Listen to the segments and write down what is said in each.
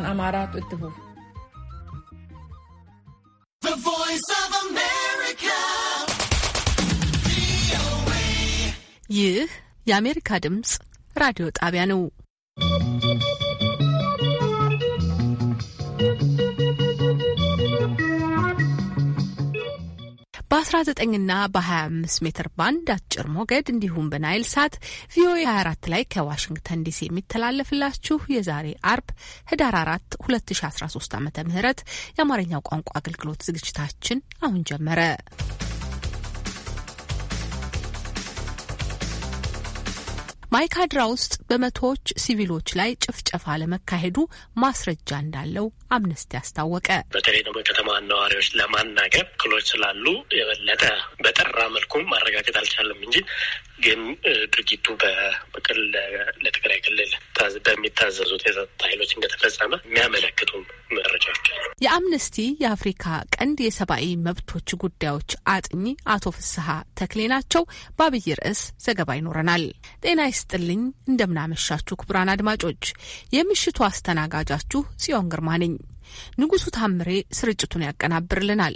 ኢትዮጵያን አማራ ጥትፉ ይህ የአሜሪካ ድምፅ ራዲዮ ጣቢያ ነው። በ19ና በ25 ሜትር ባንድ አጭር ሞገድ እንዲሁም በናይል ሳት ቪኦኤ 24 ላይ ከዋሽንግተን ዲሲ የሚተላለፍላችሁ የዛሬ አርብ ህዳር 4 2013 ዓ ም የአማርኛው ቋንቋ አገልግሎት ዝግጅታችን አሁን ጀመረ። ማይካድራ ውስጥ በመቶዎች ሲቪሎች ላይ ጭፍጨፋ ለመካሄዱ ማስረጃ እንዳለው አምነስቲ አስታወቀ። በተለይ ደግሞ የከተማ ነዋሪዎች ለማናገር ክሎች ስላሉ የበለጠ በጠራ መልኩም ማረጋገጥ አልቻለም እንጂ ግን ድርጊቱ በቅል ለትግራይ ክልል በሚታዘዙት የጸጥታ ኃይሎች እንደተፈጸመ የሚያመለክቱ መረጃዎች አሉ። የአምነስቲ የአፍሪካ ቀንድ የሰብአዊ መብቶች ጉዳዮች አጥኚ አቶ ፍስሀ ተክሌ ናቸው። በአብይ ርዕስ ዘገባ ይኖረናል። ጤና ይስጥልኝ። እንደምናመሻችሁ ክቡራን አድማጮች፣ የምሽቱ አስተናጋጃችሁ ጽዮን ግርማ ነኝ። ንጉሱ ታምሬ ስርጭቱን ያቀናብርልናል።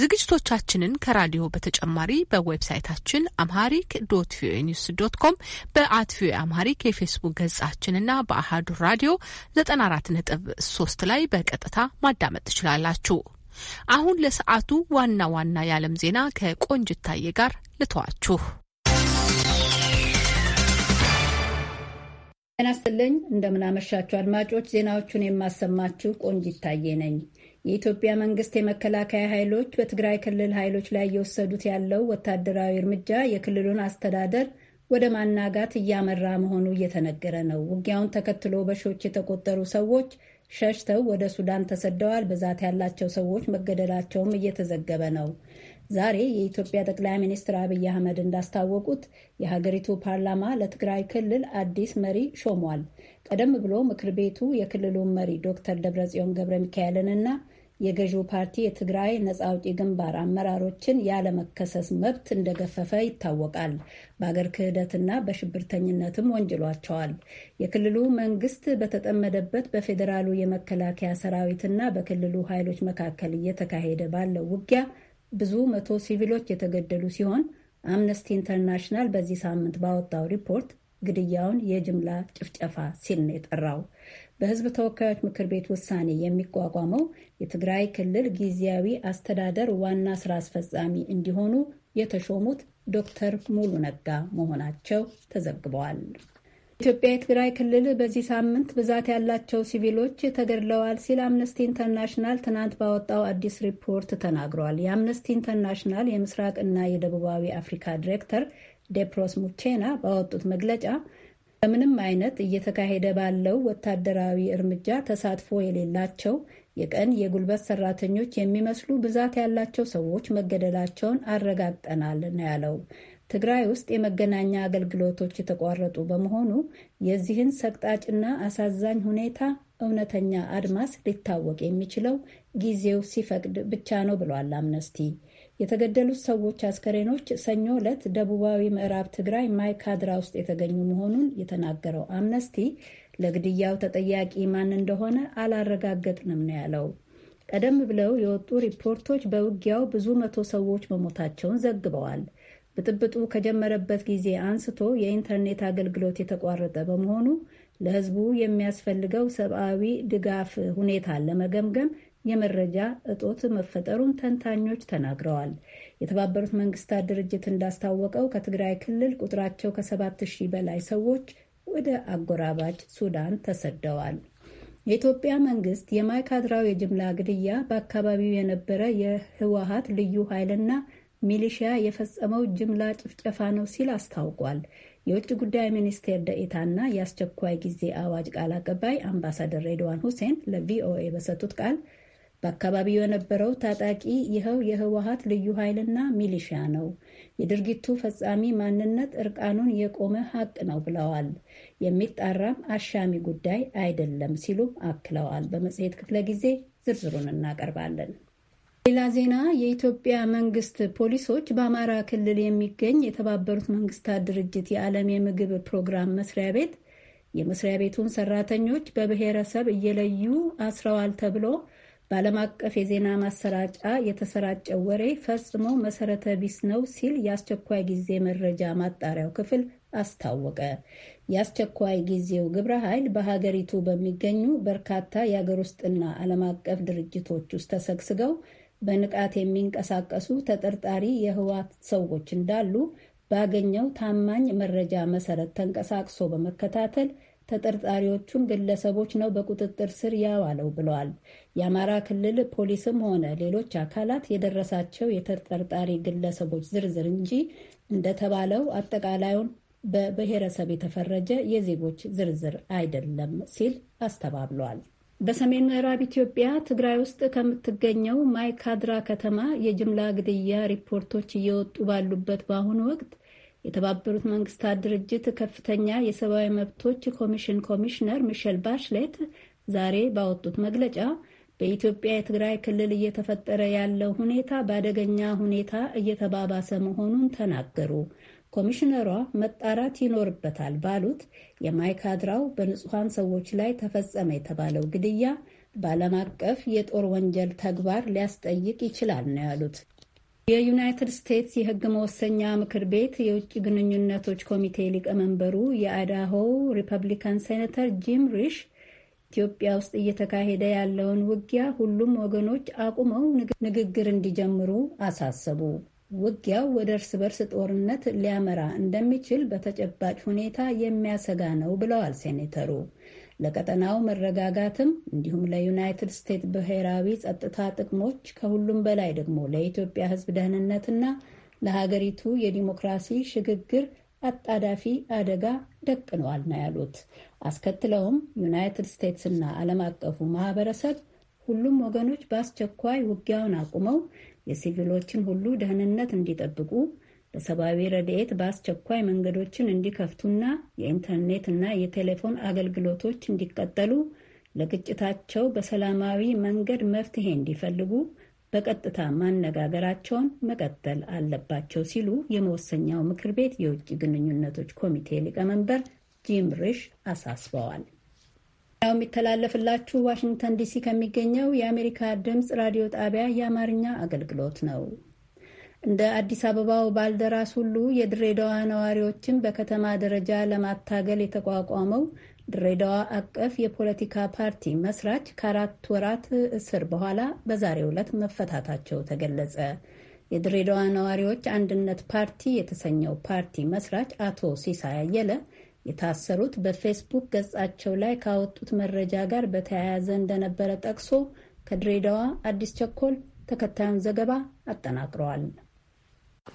ዝግጅቶቻችንን ከራዲዮ በተጨማሪ በዌብሳይታችን አምሃሪክ ዶት ቪኦኤ ኒውስ ዶት ኮም በአት ቪኦኤ አምሃሪክ የፌስቡክ ገጻችንና በአህዱ ራዲዮ 94.3 ላይ በቀጥታ ማዳመጥ ትችላላችሁ። አሁን ለሰዓቱ ዋና ዋና የዓለም ዜና ከቆንጅታዬ ጋር ልተዋችሁ። ጤና ይስጥልኝ እንደምናመሻችሁ አድማጮች ዜናዎቹን የማሰማችሁ ቆንጅ ይታየ ነኝ። የኢትዮጵያ መንግስት የመከላከያ ኃይሎች በትግራይ ክልል ኃይሎች ላይ እየወሰዱት ያለው ወታደራዊ እርምጃ የክልሉን አስተዳደር ወደ ማናጋት እያመራ መሆኑ እየተነገረ ነው። ውጊያውን ተከትሎ በሺዎች የተቆጠሩ ሰዎች ሸሽተው ወደ ሱዳን ተሰደዋል። ብዛት ያላቸው ሰዎች መገደላቸውም እየተዘገበ ነው። ዛሬ የኢትዮጵያ ጠቅላይ ሚኒስትር አብይ አህመድ እንዳስታወቁት የሀገሪቱ ፓርላማ ለትግራይ ክልል አዲስ መሪ ሾሟል። ቀደም ብሎ ምክር ቤቱ የክልሉን መሪ ዶክተር ደብረጽዮን ገብረ ሚካኤልንና የገዢው ፓርቲ የትግራይ ነጻ አውጪ ግንባር አመራሮችን ያለመከሰስ መብት እንደገፈፈ ይታወቃል። በአገር ክህደትና በሽብርተኝነትም ወንጅሏቸዋል። የክልሉ መንግስት በተጠመደበት በፌዴራሉ የመከላከያ ሰራዊትና በክልሉ ኃይሎች መካከል እየተካሄደ ባለው ውጊያ ብዙ መቶ ሲቪሎች የተገደሉ ሲሆን አምነስቲ ኢንተርናሽናል በዚህ ሳምንት ባወጣው ሪፖርት ግድያውን የጅምላ ጭፍጨፋ ሲል ነው የጠራው። በሕዝብ ተወካዮች ምክር ቤት ውሳኔ የሚቋቋመው የትግራይ ክልል ጊዜያዊ አስተዳደር ዋና ስራ አስፈጻሚ እንዲሆኑ የተሾሙት ዶክተር ሙሉ ነጋ መሆናቸው ተዘግበዋል። ኢትዮጵያ የትግራይ ክልል በዚህ ሳምንት ብዛት ያላቸው ሲቪሎች ተገድለዋል ሲል አምነስቲ ኢንተርናሽናል ትናንት ባወጣው አዲስ ሪፖርት ተናግሯል። የአምነስቲ ኢንተርናሽናል የምስራቅ እና የደቡባዊ አፍሪካ ዲሬክተር ዴፕሮስ ሙቼና ባወጡት መግለጫ በምንም አይነት እየተካሄደ ባለው ወታደራዊ እርምጃ ተሳትፎ የሌላቸው የቀን የጉልበት ሰራተኞች የሚመስሉ ብዛት ያላቸው ሰዎች መገደላቸውን አረጋግጠናል ነው ያለው። ትግራይ ውስጥ የመገናኛ አገልግሎቶች የተቋረጡ በመሆኑ የዚህን ሰቅጣጭና አሳዛኝ ሁኔታ እውነተኛ አድማስ ሊታወቅ የሚችለው ጊዜው ሲፈቅድ ብቻ ነው ብሏል አምነስቲ። የተገደሉት ሰዎች አስከሬኖች ሰኞ ዕለት ደቡባዊ ምዕራብ ትግራይ ማይካድራ ውስጥ የተገኙ መሆኑን የተናገረው አምነስቲ ለግድያው ተጠያቂ ማን እንደሆነ አላረጋገጥንም ነው ያለው። ቀደም ብለው የወጡ ሪፖርቶች በውጊያው ብዙ መቶ ሰዎች መሞታቸውን ዘግበዋል። ብጥብጡ ከጀመረበት ጊዜ አንስቶ የኢንተርኔት አገልግሎት የተቋረጠ በመሆኑ ለሕዝቡ የሚያስፈልገው ሰብአዊ ድጋፍ ሁኔታ ለመገምገም የመረጃ እጦት መፈጠሩን ተንታኞች ተናግረዋል። የተባበሩት መንግስታት ድርጅት እንዳስታወቀው ከትግራይ ክልል ቁጥራቸው ከሰባት ሺህ በላይ ሰዎች ወደ አጎራባች ሱዳን ተሰደዋል። የኢትዮጵያ መንግስት የማይካድራው የጅምላ ግድያ በአካባቢው የነበረ የህወሀት ልዩ ኃይልና ሚሊሺያ የፈጸመው ጅምላ ጭፍጨፋ ነው ሲል አስታውቋል። የውጭ ጉዳይ ሚኒስቴር ደኢታና የአስቸኳይ ጊዜ አዋጅ ቃል አቀባይ አምባሳደር ሬድዋን ሁሴን ለቪኦኤ በሰጡት ቃል በአካባቢው የነበረው ታጣቂ ይኸው የህወሀት ልዩ ኃይልና ሚሊሺያ ነው። የድርጊቱ ፈጻሚ ማንነት እርቃኑን የቆመ ሀቅ ነው ብለዋል። የሚጣራም አሻሚ ጉዳይ አይደለም ሲሉም አክለዋል። በመጽሔት ክፍለ ጊዜ ዝርዝሩን እናቀርባለን። ሌላ ዜና የኢትዮጵያ መንግስት ፖሊሶች በአማራ ክልል የሚገኝ የተባበሩት መንግስታት ድርጅት የዓለም የምግብ ፕሮግራም መስሪያ ቤት የመስሪያ ቤቱን ሰራተኞች በብሔረሰብ እየለዩ አስረዋል ተብሎ በዓለም አቀፍ የዜና ማሰራጫ የተሰራጨው ወሬ ፈጽሞ መሰረተ ቢስ ነው ሲል የአስቸኳይ ጊዜ መረጃ ማጣሪያው ክፍል አስታወቀ። የአስቸኳይ ጊዜው ግብረ ኃይል በሀገሪቱ በሚገኙ በርካታ የአገር ውስጥና ዓለም አቀፍ ድርጅቶች ውስጥ ተሰግስገው በንቃት የሚንቀሳቀሱ ተጠርጣሪ የህወሓት ሰዎች እንዳሉ ባገኘው ታማኝ መረጃ መሰረት ተንቀሳቅሶ በመከታተል ተጠርጣሪዎቹን ግለሰቦች ነው በቁጥጥር ስር ያዋለው ብለዋል። የአማራ ክልል ፖሊስም ሆነ ሌሎች አካላት የደረሳቸው የተጠርጣሪ ግለሰቦች ዝርዝር እንጂ እንደተባለው አጠቃላዩን በብሔረሰብ የተፈረጀ የዜጎች ዝርዝር አይደለም ሲል አስተባብሏል። በሰሜን ምዕራብ ኢትዮጵያ ትግራይ ውስጥ ከምትገኘው ማይካድራ ከተማ የጅምላ ግድያ ሪፖርቶች እየወጡ ባሉበት በአሁኑ ወቅት የተባበሩት መንግስታት ድርጅት ከፍተኛ የሰብአዊ መብቶች ኮሚሽን ኮሚሽነር ሚሸል ባሽሌት ዛሬ ባወጡት መግለጫ በኢትዮጵያ የትግራይ ክልል እየተፈጠረ ያለው ሁኔታ በአደገኛ ሁኔታ እየተባባሰ መሆኑን ተናገሩ። ኮሚሽነሯ መጣራት ይኖርበታል ባሉት የማይካድራው በንጹሐን ሰዎች ላይ ተፈጸመ የተባለው ግድያ በዓለም አቀፍ የጦር ወንጀል ተግባር ሊያስጠይቅ ይችላል ነው ያሉት። የዩናይትድ ስቴትስ የሕግ መወሰኛ ምክር ቤት የውጭ ግንኙነቶች ኮሚቴ ሊቀመንበሩ የአዳሆ ሪፐብሊካን ሴኔተር ጂም ሪሽ ኢትዮጵያ ውስጥ እየተካሄደ ያለውን ውጊያ ሁሉም ወገኖች አቁመው ንግግር እንዲጀምሩ አሳሰቡ። ውጊያው ወደ እርስ በርስ ጦርነት ሊያመራ እንደሚችል በተጨባጭ ሁኔታ የሚያሰጋ ነው ብለዋል ሴኔተሩ። ለቀጠናው መረጋጋትም እንዲሁም ለዩናይትድ ስቴትስ ብሔራዊ ጸጥታ ጥቅሞች ከሁሉም በላይ ደግሞ ለኢትዮጵያ ሕዝብ ደህንነትና ለሀገሪቱ የዲሞክራሲ ሽግግር አጣዳፊ አደጋ ደቅነዋል ነው ያሉት። አስከትለውም ዩናይትድ ስቴትስና ዓለም አቀፉ ማህበረሰብ ሁሉም ወገኖች በአስቸኳይ ውጊያውን አቁመው የሲቪሎችን ሁሉ ደህንነት እንዲጠብቁ ለሰብአዊ ረድኤት በአስቸኳይ መንገዶችን እንዲከፍቱና የኢንተርኔት እና የቴሌፎን አገልግሎቶች እንዲቀጠሉ ለግጭታቸው በሰላማዊ መንገድ መፍትሄ እንዲፈልጉ በቀጥታ ማነጋገራቸውን መቀጠል አለባቸው ሲሉ የመወሰኛው ምክር ቤት የውጭ ግንኙነቶች ኮሚቴ ሊቀመንበር ጂም ሪሽ አሳስበዋል። ያው የሚተላለፍላችሁ ዋሽንግተን ዲሲ ከሚገኘው የአሜሪካ ድምፅ ራዲዮ ጣቢያ የአማርኛ አገልግሎት ነው። እንደ አዲስ አበባው ባልደራስ ሁሉ የድሬዳዋ ነዋሪዎችን በከተማ ደረጃ ለማታገል የተቋቋመው ድሬዳዋ አቀፍ የፖለቲካ ፓርቲ መስራች ከአራት ወራት እስር በኋላ በዛሬው ዕለት መፈታታቸው ተገለጸ። የድሬዳዋ ነዋሪዎች አንድነት ፓርቲ የተሰኘው ፓርቲ መስራች አቶ ሲሳይ አየለ የታሰሩት በፌስቡክ ገጻቸው ላይ ካወጡት መረጃ ጋር በተያያዘ እንደነበረ ጠቅሶ ከድሬዳዋ አዲስ ቸኮል ተከታዩን ዘገባ አጠናቅረዋል።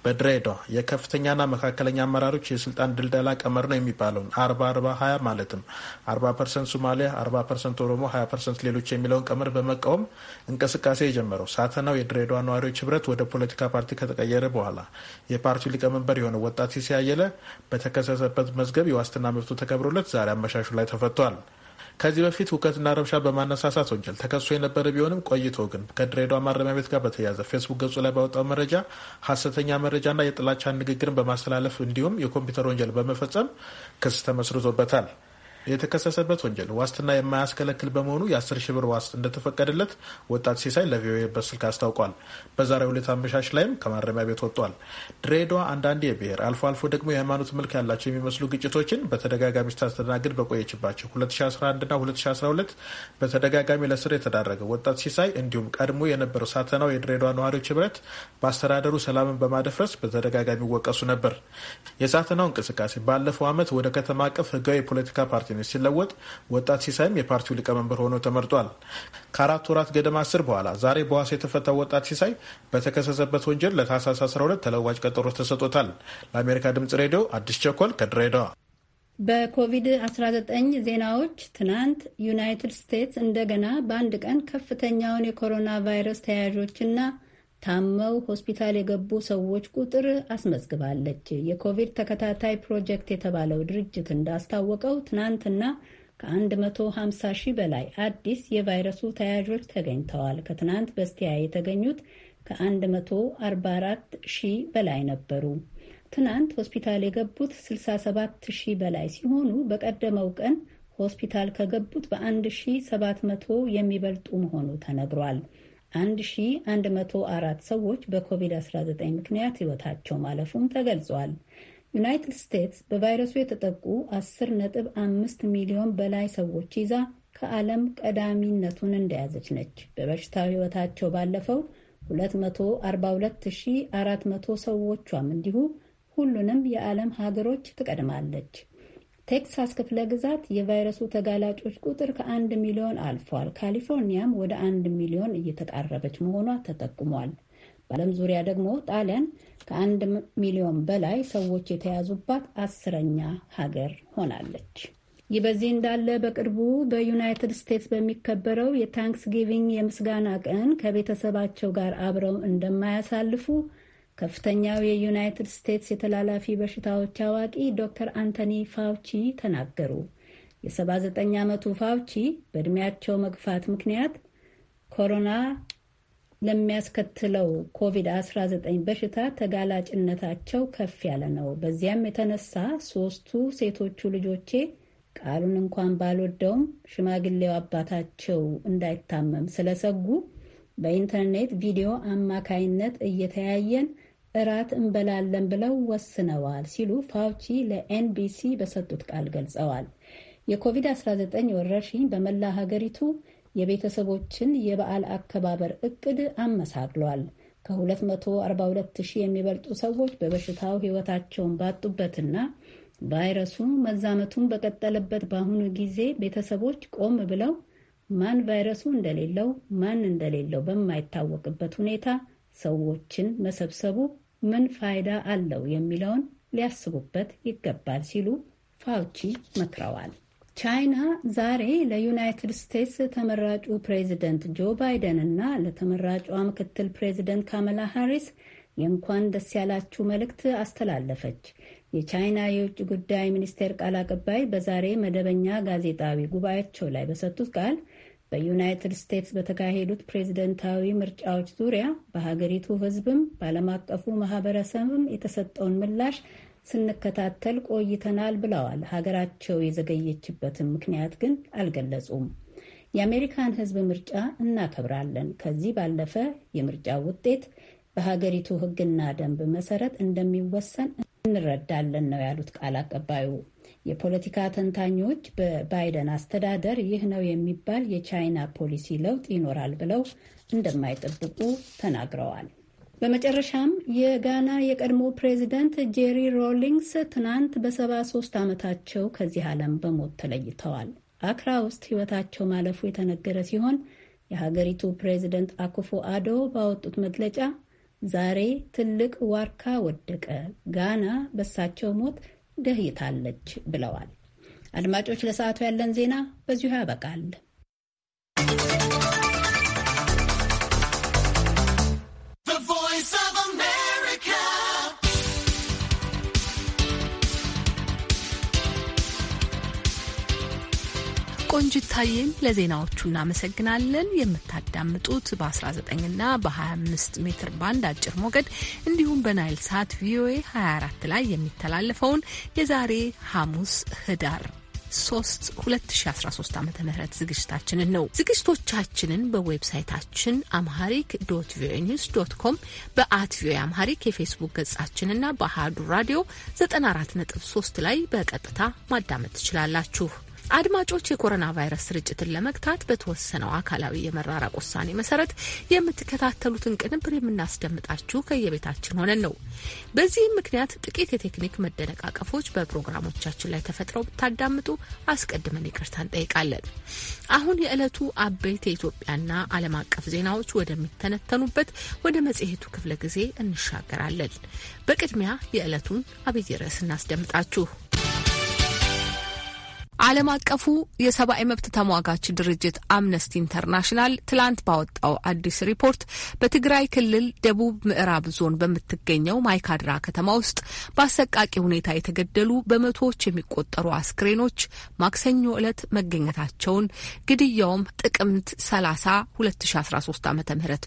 በድሬዳዋ የከፍተኛና መካከለኛ አመራሮች የስልጣን ድልደላ ቀመር ነው የሚባለውን አርባ አርባ ሀያ ማለትም አርባ ፐርሰንት ሶማሊያ፣ አርባ ፐርሰንት ኦሮሞ፣ ሀያ ፐርሰንት ሌሎች የሚለውን ቀመር በመቃወም እንቅስቃሴ የጀመረው ሳተናው የድሬዳዋ ነዋሪዎች ህብረት ወደ ፖለቲካ ፓርቲ ከተቀየረ በኋላ የፓርቲው ሊቀመንበር የሆነው ወጣት ሲሳይ አየለ በተከሰሰበት መዝገብ የዋስትና መብቱ ተከብሮለት ዛሬ አመሻሹ ላይ ተፈቷል። ከዚህ በፊት ሁከትና ረብሻ በማነሳሳት ወንጀል ተከሶ የነበረ ቢሆንም ቆይቶ ግን ከድሬዳዋ ማረሚያ ቤት ጋር በተያያዘ ፌስቡክ ገጹ ላይ ባወጣው መረጃ ሀሰተኛ መረጃና የጥላቻ ንግግርን በማስተላለፍ እንዲሁም የኮምፒውተር ወንጀል በመፈጸም ክስ ተመስርቶበታል። የተከሰሰበት ወንጀል ዋስትና የማያስከለክል በመሆኑ የአስር ሺህ ብር ዋስት እንደተፈቀደለት ወጣት ሲሳይ ለቪኦኤ በስልክ አስታውቋል። በዛሬው ዕለት አመሻሽ ላይም ከማረሚያ ቤት ወጥቷል። ድሬዳዋ አንዳንድ የብሔር አልፎ አልፎ ደግሞ የሃይማኖት መልክ ያላቸው የሚመስሉ ግጭቶችን በተደጋጋሚ ስታስተናግድ በቆየችባቸው 2011ና 2012 በተደጋጋሚ ለስር የተዳረገ ወጣት ሲሳይ እንዲሁም ቀድሞ የነበረው ሳተናው የድሬዳዋ ነዋሪዎች ህብረት በአስተዳደሩ ሰላምን በማደፍረስ በተደጋጋሚ ይወቀሱ ነበር። የሳተናው እንቅስቃሴ ባለፈው ዓመት ወደ ከተማ አቀፍ ህጋዊ የፖለቲካ ፓርቲ አማካኝነት ሲለወጥ ወጣት ሲሳይም የፓርቲው ሊቀመንበር ሆኖ ተመርጧል። ከአራት ወራት ገደማ እስር በኋላ ዛሬ በዋስ የተፈታው ወጣት ሲሳይ በተከሰሰበት ወንጀል ለታህሳስ 12 ተለዋጭ ቀጠሮ ተሰጥቶታል። ለአሜሪካ ድምጽ ሬዲዮ አዲስ ቸኮል ከድሬዳዋ። በኮቪድ-19 ዜናዎች ትናንት ዩናይትድ ስቴትስ እንደገና በአንድ ቀን ከፍተኛውን የኮሮና ቫይረስ ተያያዦችና ታመው ሆስፒታል የገቡ ሰዎች ቁጥር አስመዝግባለች። የኮቪድ ተከታታይ ፕሮጀክት የተባለው ድርጅት እንዳስታወቀው ትናንትና ከ150 ሺህ በላይ አዲስ የቫይረሱ ተያዦች ተገኝተዋል። ከትናንት በስቲያ የተገኙት ከ144 ሺህ በላይ ነበሩ። ትናንት ሆስፒታል የገቡት 67 ሺህ በላይ ሲሆኑ በቀደመው ቀን ሆስፒታል ከገቡት በ1700 የሚበልጡ መሆኑ ተነግሯል። 1104 ሰዎች በኮቪድ-19 ምክንያት ሕይወታቸው ማለፉም ተገልጿል። ዩናይትድ ስቴትስ በቫይረሱ የተጠቁ 10.5 ሚሊዮን በላይ ሰዎች ይዛ ከዓለም ቀዳሚነቱን እንደያዘች ነች። በበሽታው ሕይወታቸው ባለፈው 242400 ሰዎቿም እንዲሁ ሁሉንም የዓለም ሀገሮች ትቀድማለች። ቴክሳስ ክፍለ ግዛት የቫይረሱ ተጋላጮች ቁጥር ከአንድ ሚሊዮን አልፏል። ካሊፎርኒያም ወደ አንድ ሚሊዮን እየተቃረበች መሆኗ ተጠቁሟል። በዓለም ዙሪያ ደግሞ ጣሊያን ከአንድ ሚሊዮን በላይ ሰዎች የተያዙባት አስረኛ ሀገር ሆናለች። ይህ በዚህ እንዳለ በቅርቡ በዩናይትድ ስቴትስ በሚከበረው የታንክስ ጊቪንግ የምስጋና ቀን ከቤተሰባቸው ጋር አብረው እንደማያሳልፉ ከፍተኛው የዩናይትድ ስቴትስ የተላላፊ በሽታዎች አዋቂ ዶክተር አንቶኒ ፋውቺ ተናገሩ። የ79 ዓመቱ ፋውቺ በእድሜያቸው መግፋት ምክንያት ኮሮና ለሚያስከትለው ኮቪድ-19 በሽታ ተጋላጭነታቸው ከፍ ያለ ነው። በዚያም የተነሳ ሶስቱ ሴቶቹ ልጆቼ ቃሉን እንኳን ባልወደውም ሽማግሌው አባታቸው እንዳይታመም ስለሰጉ በኢንተርኔት ቪዲዮ አማካይነት እየተያየን እራት እንበላለን ብለው ወስነዋል ሲሉ ፋውቺ ለኤንቢሲ በሰጡት ቃል ገልጸዋል። የኮቪድ-19 ወረርሽኝ በመላ ሀገሪቱ የቤተሰቦችን የበዓል አከባበር እቅድ አመሳቅሏል። ከ242 ሺህ የሚበልጡ ሰዎች በበሽታው ሕይወታቸውን ባጡበትና ቫይረሱ መዛመቱን በቀጠለበት በአሁኑ ጊዜ ቤተሰቦች ቆም ብለው ማን ቫይረሱ እንደሌለው ማን እንደሌለው በማይታወቅበት ሁኔታ ሰዎችን መሰብሰቡ ምን ፋይዳ አለው የሚለውን ሊያስቡበት ይገባል ሲሉ ፋውቺ መክረዋል። ቻይና ዛሬ ለዩናይትድ ስቴትስ ተመራጩ ፕሬዚደንት ጆ ባይደን እና ለተመራጯ ምክትል ፕሬዚደንት ካመላ ሃሪስ የእንኳን ደስ ያላችሁ መልእክት አስተላለፈች። የቻይና የውጭ ጉዳይ ሚኒስቴር ቃል አቀባይ በዛሬ መደበኛ ጋዜጣዊ ጉባኤያቸው ላይ በሰጡት ቃል በዩናይትድ ስቴትስ በተካሄዱት ፕሬዝደንታዊ ምርጫዎች ዙሪያ በሀገሪቱ ሕዝብም በዓለም አቀፉ ማህበረሰብም የተሰጠውን ምላሽ ስንከታተል ቆይተናል ብለዋል። ሀገራቸው የዘገየችበትን ምክንያት ግን አልገለጹም። የአሜሪካን ሕዝብ ምርጫ እናከብራለን። ከዚህ ባለፈ የምርጫ ውጤት በሀገሪቱ ሕግና ደንብ መሰረት እንደሚወሰን እንረዳለን ነው ያሉት ቃል አቀባዩ። የፖለቲካ ተንታኞች በባይደን አስተዳደር ይህ ነው የሚባል የቻይና ፖሊሲ ለውጥ ይኖራል ብለው እንደማይጠብቁ ተናግረዋል። በመጨረሻም የጋና የቀድሞ ፕሬዚደንት ጄሪ ሮሊንግስ ትናንት በሰባ ሶስት ዓመታቸው ከዚህ ዓለም በሞት ተለይተዋል። አክራ ውስጥ ሕይወታቸው ማለፉ የተነገረ ሲሆን የሀገሪቱ ፕሬዚደንት አኩፎ አዶ ባወጡት መግለጫ ዛሬ ትልቅ ዋርካ ወደቀ፣ ጋና በሳቸው ሞት ደህይታለች ብለዋል። አድማጮች፣ ለሰዓቱ ያለን ዜና በዚሁ ያበቃል። ቆንጅታዬን ለዜናዎቹ እናመሰግናለን። የምታዳምጡት በ19ና በ25 ሜትር ባንድ አጭር ሞገድ እንዲሁም በናይል ሳት ቪኦኤ 24 ላይ የሚተላለፈውን የዛሬ ሐሙስ ህዳር 3 2013 ዓ ም ዝግጅታችንን ነው። ዝግጅቶቻችንን በዌብሳይታችን አምሃሪክ ዶት ቪኦኤ ኒውስ ዶት ኮም በአት ቪኦኤ አምሃሪክ የፌስቡክ ገጻችንና በአህዱ ራዲዮ 94.3 ላይ በቀጥታ ማዳመጥ ትችላላችሁ። አድማጮች የኮሮና ቫይረስ ስርጭትን ለመግታት በተወሰነው አካላዊ የመራራቅ ውሳኔ መሰረት የምትከታተሉትን ቅንብር የምናስደምጣችሁ ከየቤታችን ሆነን ነው። በዚህም ምክንያት ጥቂት የቴክኒክ መደነቃቀፎች በፕሮግራሞቻችን ላይ ተፈጥረው ብታዳምጡ አስቀድመን ይቅርታ እንጠይቃለን። አሁን የዕለቱ አበይት የኢትዮጵያና ዓለም አቀፍ ዜናዎች ወደሚተነተኑበት ወደ መጽሔቱ ክፍለ ጊዜ እንሻገራለን። በቅድሚያ የዕለቱን አብይ ርዕስ እናስደምጣችሁ። ዓለም አቀፉ የሰብአዊ መብት ተሟጋች ድርጅት አምነስቲ ኢንተርናሽናል ትላንት ባወጣው አዲስ ሪፖርት በትግራይ ክልል ደቡብ ምዕራብ ዞን በምትገኘው ማይካድራ ከተማ ውስጥ በአሰቃቂ ሁኔታ የተገደሉ በመቶዎች የሚቆጠሩ አስክሬኖች ማክሰኞ ዕለት መገኘታቸውን ግድያውም ጥቅምት 30 2013 ዓ ም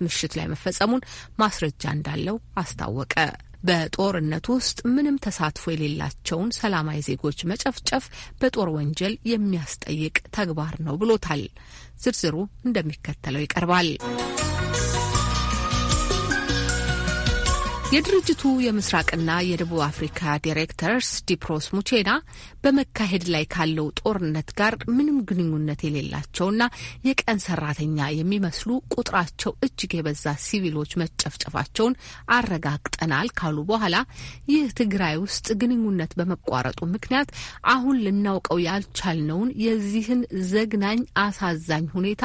ምሽት ላይ መፈጸሙን ማስረጃ እንዳለው አስታወቀ። በጦርነት ውስጥ ምንም ተሳትፎ የሌላቸውን ሰላማዊ ዜጎች መጨፍጨፍ በጦር ወንጀል የሚያስጠይቅ ተግባር ነው ብሎታል። ዝርዝሩ እንደሚከተለው ይቀርባል። የድርጅቱ የምስራቅና የደቡብ አፍሪካ ዲሬክተርስ ዲፕሮስ ሙቼና በመካሄድ ላይ ካለው ጦርነት ጋር ምንም ግንኙነት የሌላቸውና የቀን ሰራተኛ የሚመስሉ ቁጥራቸው እጅግ የበዛ ሲቪሎች መጨፍጨፋቸውን አረጋግጠናል ካሉ በኋላ ይህ ትግራይ ውስጥ ግንኙነት በመቋረጡ ምክንያት አሁን ልናውቀው ያልቻልነውን የዚህን ዘግናኝ አሳዛኝ ሁኔታ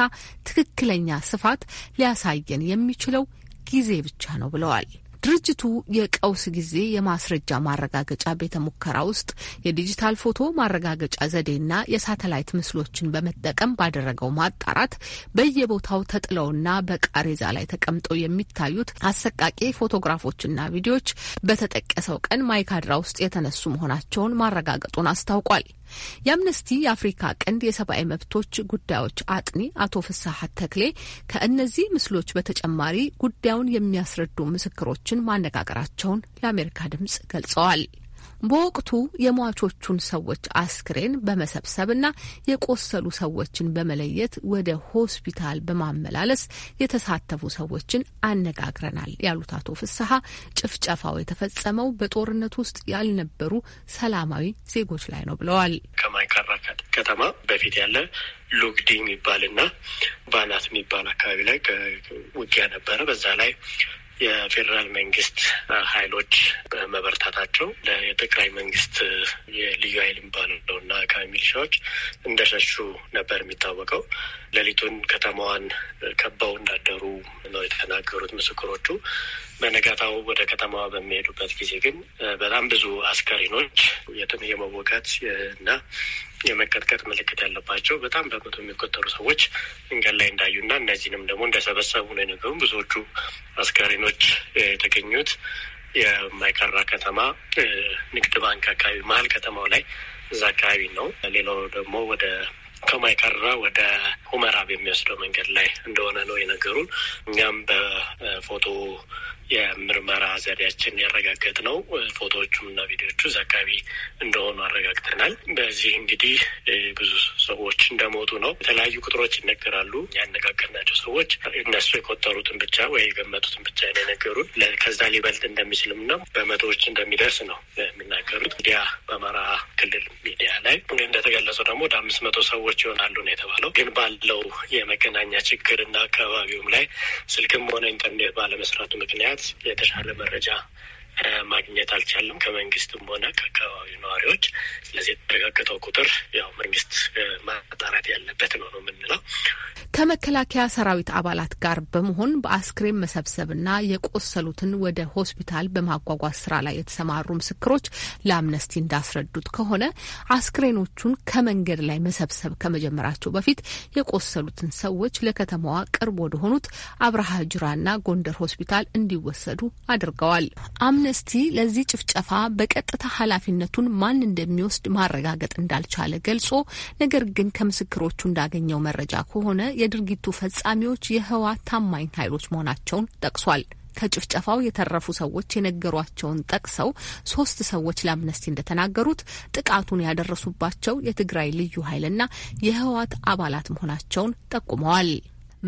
ትክክለኛ ስፋት ሊያሳየን የሚችለው ጊዜ ብቻ ነው ብለዋል። ድርጅቱ የቀውስ ጊዜ የማስረጃ ማረጋገጫ ቤተ ሙከራ ውስጥ የዲጂታል ፎቶ ማረጋገጫ ዘዴና የሳተላይት ምስሎችን በመጠቀም ባደረገው ማጣራት በየቦታው ተጥለውና በቃሬዛ ላይ ተቀምጠው የሚታዩት አሰቃቂ ፎቶግራፎችና ቪዲዮዎች በተጠቀሰው ቀን ማይካድራ ውስጥ የተነሱ መሆናቸውን ማረጋገጡን አስታውቋል። የአምነስቲ የአፍሪካ ቀንድ የሰብአዊ መብቶች ጉዳዮች አጥኒ አቶ ፍስሀት ተክሌ ከእነዚህ ምስሎች በተጨማሪ ጉዳዩን የሚያስረዱ ምስክሮችን ማነጋገራቸውን ለአሜሪካ ድምጽ ገልጸዋል። በወቅቱ የሟቾቹን ሰዎች አስክሬን በመሰብሰብና የቆሰሉ ሰዎችን በመለየት ወደ ሆስፒታል በማመላለስ የተሳተፉ ሰዎችን አነጋግረናል ያሉት አቶ ፍስሀ ጭፍጨፋው የተፈጸመው በጦርነት ውስጥ ያልነበሩ ሰላማዊ ዜጎች ላይ ነው ብለዋል። ከማይካድራ ከተማ በፊት ያለ ሎግዲ የሚባልና ባናት የሚባል አካባቢ ላይ ውጊያ ነበረ። በዛ ላይ የፌዴራል መንግስት ኃይሎች በመበርታታቸው የትግራይ መንግስት የልዩ ኃይል የሚባለው እና ከሚሊሻዎች እንደሸሹ ነበር የሚታወቀው። ሌሊቱን ከተማዋን ከበው እንዳደሩ ነው የተናገሩት ምስክሮቹ። በነጋታው ወደ ከተማዋ በሚሄዱበት ጊዜ ግን በጣም ብዙ አስከሬኖች የትም የመወጋት እና የመቀጥቀጥ ምልክት ያለባቸው በጣም በመቶ የሚቆጠሩ ሰዎች መንገድ ላይ እንዳዩ እንዳዩና እነዚህንም ደግሞ እንደሰበሰቡ ነው የነገሩ። ብዙዎቹ አስከሬኖች የተገኙት የማይካድራ ከተማ ንግድ ባንክ አካባቢ መሀል ከተማው ላይ እዛ አካባቢ ነው። ሌላው ደግሞ ወደ ከማይካድራ ወደ ሁመራ በሚወስደው መንገድ ላይ እንደሆነ ነው የነገሩን። እኛም በፎቶ የምርመራ ዘዴያችን ያረጋገጥ ነው። ፎቶዎቹም እና ቪዲዮቹ እዛ አካባቢ እንደሆኑ አረጋግተናል። በዚህ እንግዲህ ብዙ ሰዎች እንደሞቱ ነው የተለያዩ ቁጥሮች ይነገራሉ። ያነጋገርናቸው ሰዎች እነሱ የቆጠሩትን ብቻ ወይ የገመቱትን ብቻ ነው የነገሩን። ከዛ ሊበልጥ እንደሚችልም ነው በመቶዎች እንደሚደርስ ነው የሚናገሩት። ሚዲያ በአማራ ክልል ሚዲያ ላይ እንደተገለጸው ደግሞ ወደ አምስት መቶ ሰዎች ሰዎች ይሆናሉ ነው የተባለው። ግን ባለው የመገናኛ ችግር እና አካባቢውም ላይ ስልክም ሆነ ኢንተርኔት ባለመስራቱ ምክንያት የተሻለ መረጃ ማግኘት አልቻለም ከመንግስትም ሆነ ከአካባቢው ነዋሪዎች። ስለዚህ የተረጋገጠው ቁጥር ያው መንግስት ማጣራት ያለበት ነው ነው የምንለው። ከመከላከያ ሰራዊት አባላት ጋር በመሆን በአስክሬን መሰብሰብና የቆሰሉትን ወደ ሆስፒታል በማጓጓዝ ስራ ላይ የተሰማሩ ምስክሮች ለአምነስቲ እንዳስረዱት ከሆነ አስክሬኖቹን ከመንገድ ላይ መሰብሰብ ከመጀመራቸው በፊት የቆሰሉትን ሰዎች ለከተማዋ ቅርብ ወደሆኑት አብርሃ ጅራና ጎንደር ሆስፒታል እንዲወሰዱ አድርገዋል። አምነስቲ ለዚህ ጭፍጨፋ በቀጥታ ኃላፊነቱን ማን እንደሚወስድ ማረጋገጥ እንዳልቻለ ገልጾ ነገር ግን ከምስክሮቹ እንዳገኘው መረጃ ከሆነ የድርጊቱ ፈጻሚዎች የህወሓት ታማኝ ኃይሎች መሆናቸውን ጠቅሷል። ከጭፍጨፋው የተረፉ ሰዎች የነገሯቸውን ጠቅሰው ሶስት ሰዎች ለአምነስቲ እንደተናገሩት ጥቃቱን ያደረሱባቸው የትግራይ ልዩ ኃይልና የህወሓት አባላት መሆናቸውን ጠቁመዋል።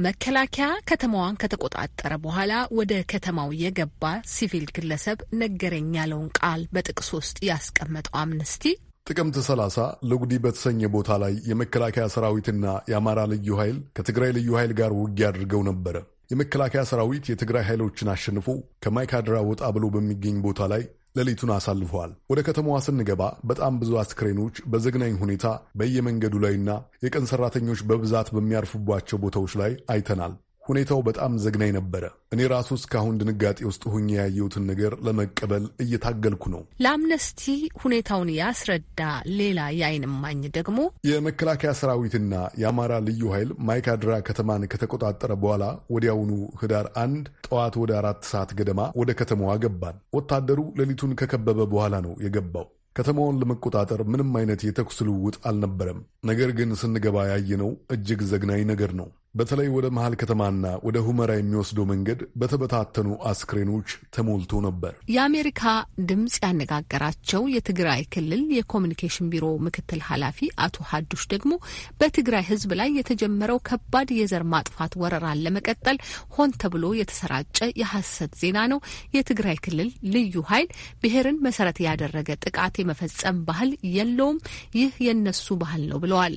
መከላከያ ከተማዋን ከተቆጣጠረ በኋላ ወደ ከተማው የገባ ሲቪል ግለሰብ ነገረኝ ያለውን ቃል በጥቅስ ውስጥ ያስቀመጠው አምነስቲ ጥቅምት 30 ልጉዲ በተሰኘ ቦታ ላይ የመከላከያ ሰራዊትና የአማራ ልዩ ኃይል ከትግራይ ልዩ ኃይል ጋር ውጊያ አድርገው ነበረ። የመከላከያ ሰራዊት የትግራይ ኃይሎችን አሸንፎ ከማይካድራ ወጣ ብሎ በሚገኝ ቦታ ላይ ሌሊቱን አሳልፈዋል። ወደ ከተማዋ ስንገባ በጣም ብዙ አስክሬኖች በዘግናኝ ሁኔታ በየመንገዱ ላይና የቀን ሰራተኞች በብዛት በሚያርፉባቸው ቦታዎች ላይ አይተናል። ሁኔታው በጣም ዘግናኝ ነበረ። እኔ ራሱ እስካሁን ድንጋጤ ውስጥ ሁኜ ያየሁትን ነገር ለመቀበል እየታገልኩ ነው። ለአምነስቲ ሁኔታውን ያስረዳ ሌላ የአይን እማኝ ደግሞ የመከላከያ ሰራዊትና የአማራ ልዩ ኃይል ማይካድራ ከተማን ከተቆጣጠረ በኋላ ወዲያውኑ ህዳር አንድ ጠዋት ወደ አራት ሰዓት ገደማ ወደ ከተማዋ ገባን። ወታደሩ ሌሊቱን ከከበበ በኋላ ነው የገባው። ከተማውን ለመቆጣጠር ምንም አይነት የተኩስ ልውውጥ አልነበረም። ነገር ግን ስንገባ ያየነው እጅግ ዘግናኝ ነገር ነው። በተለይ ወደ መሃል ከተማና ወደ ሁመራ የሚወስደው መንገድ በተበታተኑ አስክሬኖች ተሞልቶ ነበር። የአሜሪካ ድምፅ ያነጋገራቸው የትግራይ ክልል የኮሚኒኬሽን ቢሮ ምክትል ኃላፊ አቶ ሀዱሽ ደግሞ በትግራይ ሕዝብ ላይ የተጀመረው ከባድ የዘር ማጥፋት ወረራን ለመቀጠል ሆን ተብሎ የተሰራጨ የሐሰት ዜና ነው። የትግራይ ክልል ልዩ ኃይል ብሔርን መሰረት ያደረገ ጥቃት የመፈጸም ባህል የለውም። ይህ የነሱ ባህል ነው ብለዋል።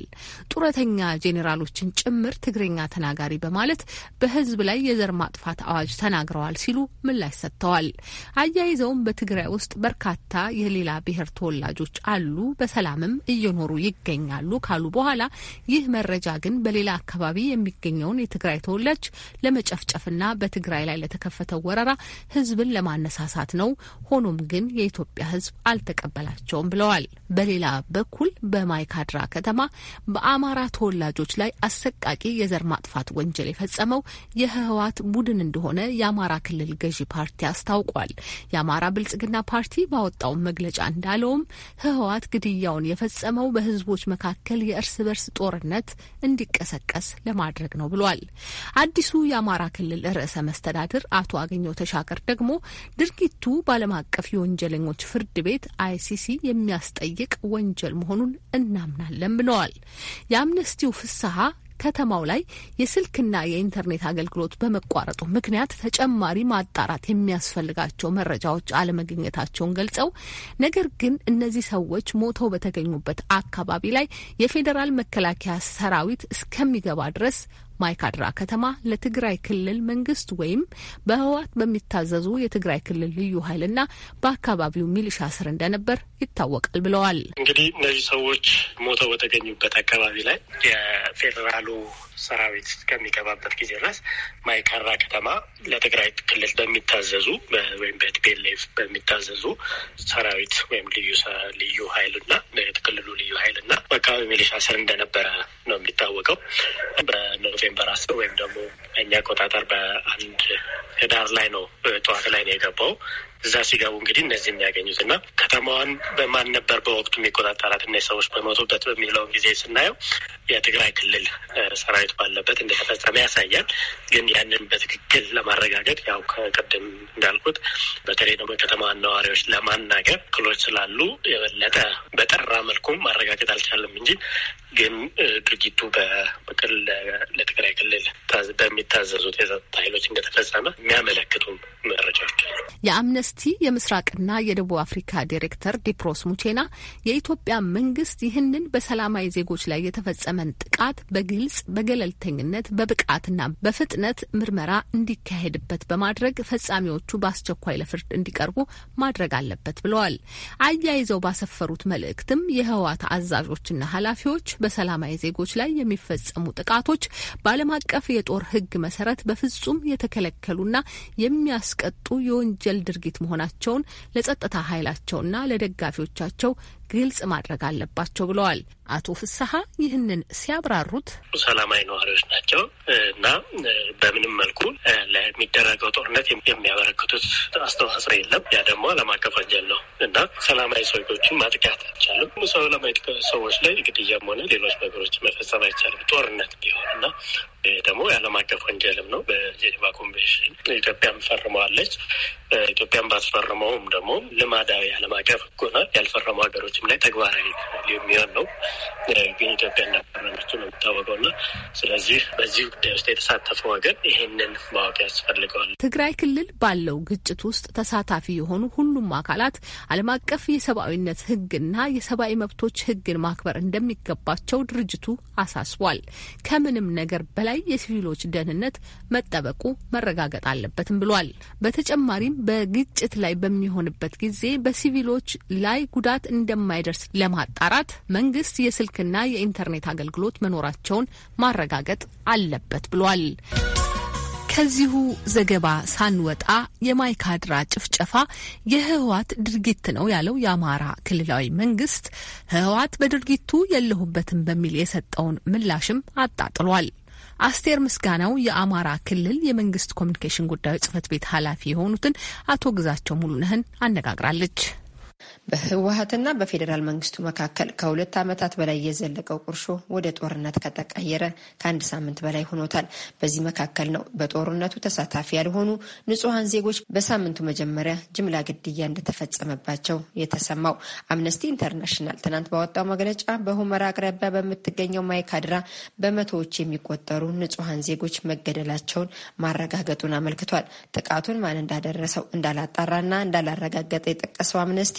ጡረተኛ ጄኔራሎችን ጭምር ትግረኛ ዋና ተናጋሪ በማለት በህዝብ ላይ የዘር ማጥፋት አዋጅ ተናግረዋል ሲሉ ምላሽ ሰጥተዋል። አያይዘውም በትግራይ ውስጥ በርካታ የሌላ ብሔር ተወላጆች አሉ፣ በሰላምም እየኖሩ ይገኛሉ ካሉ በኋላ ይህ መረጃ ግን በሌላ አካባቢ የሚገኘውን የትግራይ ተወላጅ ለመጨፍጨፍና በትግራይ ላይ ለተከፈተው ወረራ ህዝብን ለማነሳሳት ነው። ሆኖም ግን የኢትዮጵያ ህዝብ አልተቀበላቸውም ብለዋል። በሌላ በኩል በማይካድራ ከተማ በአማራ ተወላጆች ላይ አሰቃቂ የዘር ማጥፋት ወንጀል የፈጸመው የህወሓት ቡድን እንደሆነ የአማራ ክልል ገዢ ፓርቲ አስታውቋል። የአማራ ብልጽግና ፓርቲ ባወጣው መግለጫ እንዳለውም ህወሓት ግድያውን የፈጸመው በህዝቦች መካከል የእርስ በርስ ጦርነት እንዲቀሰቀስ ለማድረግ ነው ብሏል። አዲሱ የአማራ ክልል ርዕሰ መስተዳድር አቶ አገኘው ተሻገር ደግሞ ድርጊቱ በዓለም አቀፍ የወንጀለኞች ፍርድ ቤት አይሲሲ የሚያስጠይቅ ወንጀል መሆኑን እናምናለን ብለዋል። የአምነስቲው ፍስሀ ከተማው ላይ የስልክና የኢንተርኔት አገልግሎት በመቋረጡ ምክንያት ተጨማሪ ማጣራት የሚያስፈልጋቸው መረጃዎች አለመገኘታቸውን ገልጸው ነገር ግን እነዚህ ሰዎች ሞተው በተገኙበት አካባቢ ላይ የፌዴራል መከላከያ ሰራዊት እስከሚገባ ድረስ ማይካድራ ከተማ ለትግራይ ክልል መንግስት ወይም በህወሓት በሚታዘዙ የትግራይ ክልል ልዩ ኃይልና በአካባቢው ሚሊሻ ስር እንደነበር ይታወቃል ብለዋል። እንግዲህ እነዚህ ሰዎች ሞተው በተገኙበት አካባቢ ላይ የፌዴራሉ ሰራዊት እስከሚገባበት ጊዜ ድረስ ማይካድራ ከተማ ለትግራይ ክልል በሚታዘዙ ወይም በቲፒኤልኤፍ በሚታዘዙ ሰራዊት ወይም ልዩ ልዩ ሀይል ና ክልሉ ልዩ ሀይል ና በአካባቢ ሚሊሻ ስር እንደነበረ ነው የሚታወቀው። በኖቬምበር አስር ወይም ደግሞ እኛ አቆጣጠር በአንድ ህዳር ላይ ነው ጠዋት ላይ ነው የገባው። እዛ ሲገቡ እንግዲህ እነዚህ የሚያገኙት እና ከተማዋን በማን ነበር በወቅቱ የሚቆጣጠራት እና ሰዎች በመቶበት በሚለውን ጊዜ ስናየው የትግራይ ክልል ሰራዊት ባለበት እንደተፈጸመ ያሳያል። ግን ያንን በትክክል ለማረጋገጥ ያው ከቅድም እንዳልኩት በተለይ ደግሞ የከተማ ነዋሪዎች ለማናገር ክሎች ስላሉ የበለጠ በጠራ መልኩም ማረጋገጥ አልቻለም እንጂ ግን ድርጊቱ በቅል ለትግራይ ክልል በሚታዘዙት የጸጥታ ኃይሎች እንደተፈጸመ የሚያመለክቱ መረጃዎች አሉ። የአምነስቲ የምስራቅና የደቡብ አፍሪካ ዲሬክተር ዲፕሮስ ሙቼና የኢትዮጵያ መንግስት ይህንን በሰላማዊ ዜጎች ላይ የተፈጸመ የዘረመል ጥቃት በግልጽ በገለልተኝነት በብቃትና በፍጥነት ምርመራ እንዲካሄድበት በማድረግ ፈጻሚዎቹ በአስቸኳይ ለፍርድ እንዲቀርቡ ማድረግ አለበት ብለዋል። አያይዘው ባሰፈሩት መልእክትም የህወሓት አዛዦችና ኃላፊዎች በሰላማዊ ዜጎች ላይ የሚፈጸሙ ጥቃቶች በዓለም አቀፍ የጦር ህግ መሰረት በፍጹም የተከለከሉና የሚያስቀጡ የወንጀል ድርጊት መሆናቸውን ለጸጥታ ኃይላቸውና ለደጋፊዎቻቸው ግልጽ ማድረግ አለባቸው ብለዋል። አቶ ፍስሀ ይህንን ሲያብራሩት ሰላማዊ ነዋሪዎች ናቸው እና በምንም መልኩ ለሚደረገው ጦርነት የሚያበረክቱት አስተዋጽኦ የለም። ያ ደግሞ ዓለም አቀፍ ወንጀል ነው እና ሰላማዊ ሰዎችን ማጥቃት አይቻልም። ሰላማዊ ሰዎች ላይ ግድያም ሆነ ሌሎች ነገሮች መፈጸም አይቻልም። ጦርነት ቢሆን እና ይህ ደግሞ የዓለም አቀፍ ወንጀልም ነው። በጄኔቫ ኮንቬንሽን ኢትዮጵያም ፈርመዋለች። ኢትዮጵያም ባስፈርመውም ደግሞ ልማዳዊ ዓለም አቀፍ ሕግና ያልፈረሙ ሀገሮችም ላይ ተግባራዊ የሚሆን ነው። ግን ኢትዮጵያ እንዳፈረመችው ነው የሚታወቀው እና ስለዚህ በዚህ ጉዳይ ውስጥ የተሳተፈው ወገን ይህንን ማወቅ ያስፈልገዋል። ትግራይ ክልል ባለው ግጭት ውስጥ ተሳታፊ የሆኑ ሁሉም አካላት ዓለም አቀፍ የሰብአዊነት ሕግና የሰብአዊ መብቶች ሕግን ማክበር እንደሚገባቸው ድርጅቱ አሳስቧል። ከምንም ነገር በላይ ላይ የሲቪሎች ደህንነት መጠበቁ መረጋገጥ አለበትም ብሏል። በተጨማሪም በግጭት ላይ በሚሆንበት ጊዜ በሲቪሎች ላይ ጉዳት እንደማይደርስ ለማጣራት መንግስት የስልክና የኢንተርኔት አገልግሎት መኖራቸውን ማረጋገጥ አለበት ብሏል። ከዚሁ ዘገባ ሳንወጣ የማይካድራ ጭፍጨፋ የህወሓት ድርጊት ነው ያለው የአማራ ክልላዊ መንግስት ህወሓት በድርጊቱ የለሁበትም በሚል የሰጠውን ምላሽም አጣጥሏል። አስቴር ምስጋናው የአማራ ክልል የመንግስት ኮሚኒኬሽን ጉዳዮች ጽህፈት ቤት ኃላፊ የሆኑትን አቶ ግዛቸው ሙሉነህን አነጋግራለች። በህወሀትና በፌዴራል መንግስቱ መካከል ከሁለት ዓመታት በላይ የዘለቀው ቁርሾ ወደ ጦርነት ከተቀየረ ከአንድ ሳምንት በላይ ሆኖታል። በዚህ መካከል ነው በጦርነቱ ተሳታፊ ያልሆኑ ንጹሐን ዜጎች በሳምንቱ መጀመሪያ ጅምላ ግድያ እንደተፈጸመባቸው የተሰማው። አምነስቲ ኢንተርናሽናል ትናንት ባወጣው መግለጫ በሁመራ አቅራቢያ በምትገኘው ማይካድራ በመቶዎች የሚቆጠሩ ንጹሐን ዜጎች መገደላቸውን ማረጋገጡን አመልክቷል። ጥቃቱን ማን እንዳደረሰው እንዳላጣራና እንዳላረጋገጠ የጠቀሰው አምነስቲ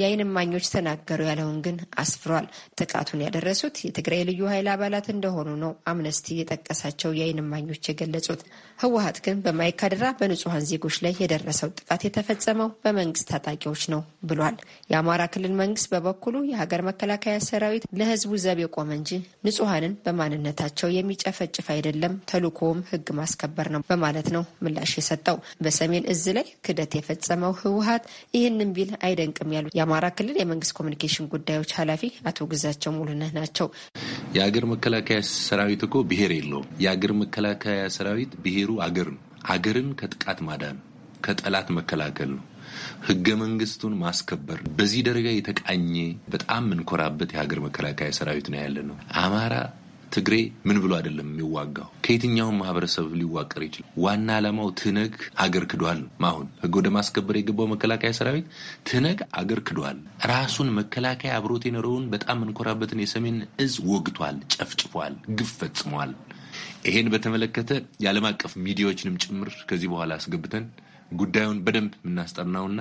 የዓይን እማኞች ተናገሩ ያለውን ግን አስፍሯል። ጥቃቱን ያደረሱት የትግራይ ልዩ ኃይል አባላት እንደሆኑ ነው አምነስቲ የጠቀሳቸው የዓይን እማኞች የገለጹት። ህወሀት ግን በማይካድራ በንጹሐን ዜጎች ላይ የደረሰው ጥቃት የተፈጸመው በመንግስት ታጣቂዎች ነው ብሏል። የአማራ ክልል መንግስት በበኩሉ የሀገር መከላከያ ሰራዊት ለህዝቡ ዘብ የቆመ እንጂ ንጹሐንን በማንነታቸው የሚጨፈጭፍ አይደለም፣ ተልእኮውም ህግ ማስከበር ነው በማለት ነው ምላሽ የሰጠው። በሰሜን እዝ ላይ ክደት የፈጸመው ህወሀት ይህንን ቢል አይደንቅም ያሉት የአማራ ክልል የመንግስት ኮሚኒኬሽን ጉዳዮች ኃላፊ አቶ ግዛቸው ሙሉነህ ናቸው። የአገር መከላከያ ሰራዊት እኮ ብሄር የለውም። የአገር መከላከያ ሰራዊት ብሄሩ አገር ነው። አገርን ከጥቃት ማዳን ከጠላት መከላከል ነው። ህገ መንግስቱን ማስከበር በዚህ ደረጃ የተቃኘ በጣም የምንኮራበት የሀገር መከላከያ ሰራዊት ነው ያለ ነው። አማራ ትግሬ ምን ብሎ አይደለም የሚዋጋው። ከየትኛውም ማህበረሰብ ሊዋቀር ይችላል። ዋና ዓላማው ትነግ አገር ክዷል። አሁን ህግ ወደ ማስከበር የገባው መከላከያ ሰራዊት ትነግ አገር ክዷል። ራሱን መከላከያ አብሮት የኖረውን በጣም እንኮራበትን የሰሜን እዝ ወግቷል፣ ጨፍጭፏል፣ ግፍ ፈጽሟል። ይሄን በተመለከተ የዓለም አቀፍ ሚዲያዎችንም ጭምር ከዚህ በኋላ አስገብተን ጉዳዩን በደንብ የምናስጠናውና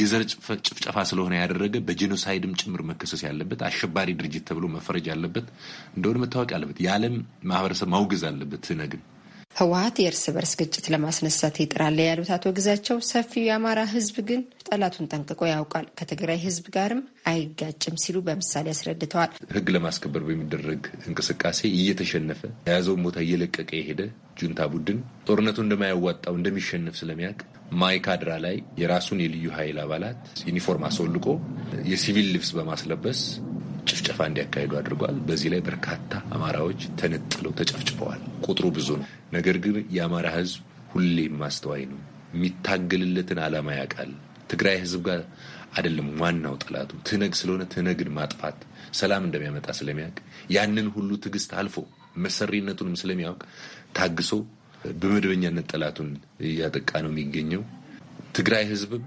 የዘር ጭፍጨፋ ስለሆነ ያደረገ በጄኖሳይድም ጭምር መከሰስ ያለበት አሸባሪ ድርጅት ተብሎ መፈረጅ ያለበት እንደሆነ መታወቅ ያለበት የዓለም ማህበረሰብ ማውገዝ አለበት። ነግን ህወሀት የእርስ በርስ ግጭት ለማስነሳት ይጥራል ያሉት አቶ ግዛቸው ሰፊው የአማራ ህዝብ ግን ጠላቱን ጠንቅቆ ያውቃል፣ ከትግራይ ህዝብ ጋርም አይጋጭም ሲሉ በምሳሌ አስረድተዋል። ህግ ለማስከበር በሚደረግ እንቅስቃሴ እየተሸነፈ የያዘውን ቦታ እየለቀቀ የሄደ ጁንታ ቡድን ጦርነቱ እንደማያዋጣው እንደሚሸነፍ ስለሚያውቅ ማይካድራ ላይ የራሱን የልዩ ኃይል አባላት ዩኒፎርም አስወልቆ የሲቪል ልብስ በማስለበስ ጭፍጨፋ እንዲያካሂዱ አድርጓል። በዚህ ላይ በርካታ አማራዎች ተነጥለው ተጨፍጭፈዋል። ቁጥሩ ብዙ ነው። ነገር ግን የአማራ ህዝብ ሁሌም ማስተዋይ ነው። የሚታገልለትን ዓላማ ያውቃል። ትግራይ ህዝብ ጋር አይደለም ዋናው ጠላቱ ትነግ ስለሆነ ትነግን ማጥፋት ሰላም እንደሚያመጣ ስለሚያውቅ ያንን ሁሉ ትዕግስት አልፎ መሰሪነቱንም ስለሚያውቅ ታግሶ በመደበኛነት ጠላቱን እያጠቃ ነው የሚገኘው። ትግራይ ህዝብም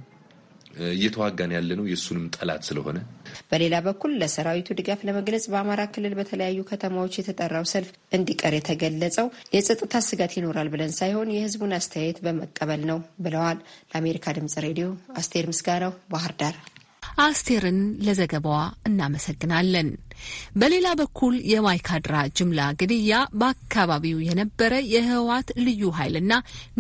እየተዋጋን ያለ ነው የእሱንም ጠላት ስለሆነ። በሌላ በኩል ለሰራዊቱ ድጋፍ ለመግለጽ በአማራ ክልል በተለያዩ ከተማዎች የተጠራው ሰልፍ እንዲቀር የተገለጸው የጸጥታ ስጋት ይኖራል ብለን ሳይሆን የህዝቡን አስተያየት በመቀበል ነው ብለዋል። ለአሜሪካ ድምጽ ሬዲዮ አስቴር ምስጋናው ባህር ዳር። አስቴርን ለዘገባዋ እናመሰግናለን። በሌላ በኩል የማይካድራ ጅምላ ግድያ በአካባቢው የነበረ የህወሓት ልዩ ኃይልና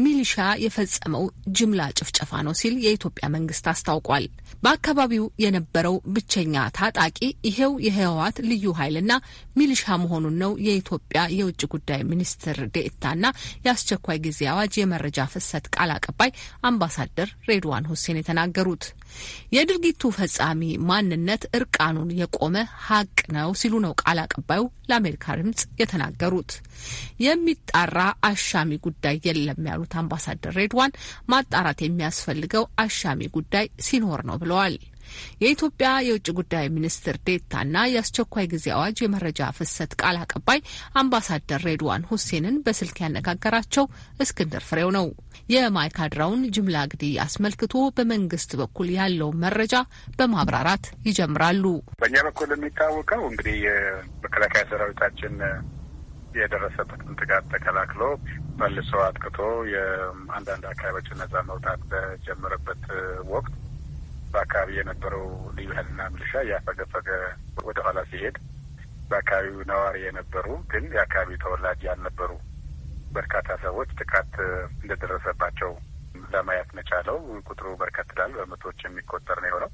ሚሊሻ የፈጸመው ጅምላ ጭፍጨፋ ነው ሲል የኢትዮጵያ መንግስት አስታውቋል። በአካባቢው የነበረው ብቸኛ ታጣቂ ይሄው የህወሓት ልዩ ኃይልና ሚሊሻ መሆኑን ነው የኢትዮጵያ የውጭ ጉዳይ ሚኒስትር ዴኤታና የአስቸኳይ ጊዜ አዋጅ የመረጃ ፍሰት ቃል አቀባይ አምባሳደር ሬድዋን ሁሴን የተናገሩት። የድርጊቱ ፈጻሚ ማንነት እርቃኑን የቆመ ሀቅ ነው ሲሉ ነው ቃል አቀባዩ ለአሜሪካ ድምጽ የተናገሩት። የሚጣራ አሻሚ ጉዳይ የለም ያሉት አምባሳደር ሬድዋን ማጣራት የሚያስፈልገው አሻሚ ጉዳይ ሲኖር ነው ብለዋል። የኢትዮጵያ የውጭ ጉዳይ ሚኒስትር ዴታና የአስቸኳይ ጊዜ አዋጅ የመረጃ ፍሰት ቃል አቀባይ አምባሳደር ሬድዋን ሁሴንን በስልክ ያነጋገራቸው እስክንድር ፍሬው ነው። የማይካድራውን ጅምላ ግድያ አስመልክቶ በመንግስት በኩል ያለው መረጃ በማብራራት ይጀምራሉ። በእኛ በኩል የሚታወቀው እንግዲህ የመከላከያ ሰራዊታችን የደረሰበትን ጥቃት ተከላክሎ መልሶ አጥቅቶ የአንዳንድ አካባቢዎችን ነጻ መውጣት በጀመረበት ወቅት በአካባቢ የነበረው ልዩ ኃይልና ምልሻ እያፈገፈገ ወደ ኋላ ሲሄድ በአካባቢው ነዋሪ የነበሩ ግን የአካባቢው ተወላጅ ያልነበሩ በርካታ ሰዎች ጥቃት እንደደረሰባቸው ለማየት መቻለው። ቁጥሩ በርከት ይላል። በመቶዎች የሚቆጠር ነው የሆነው።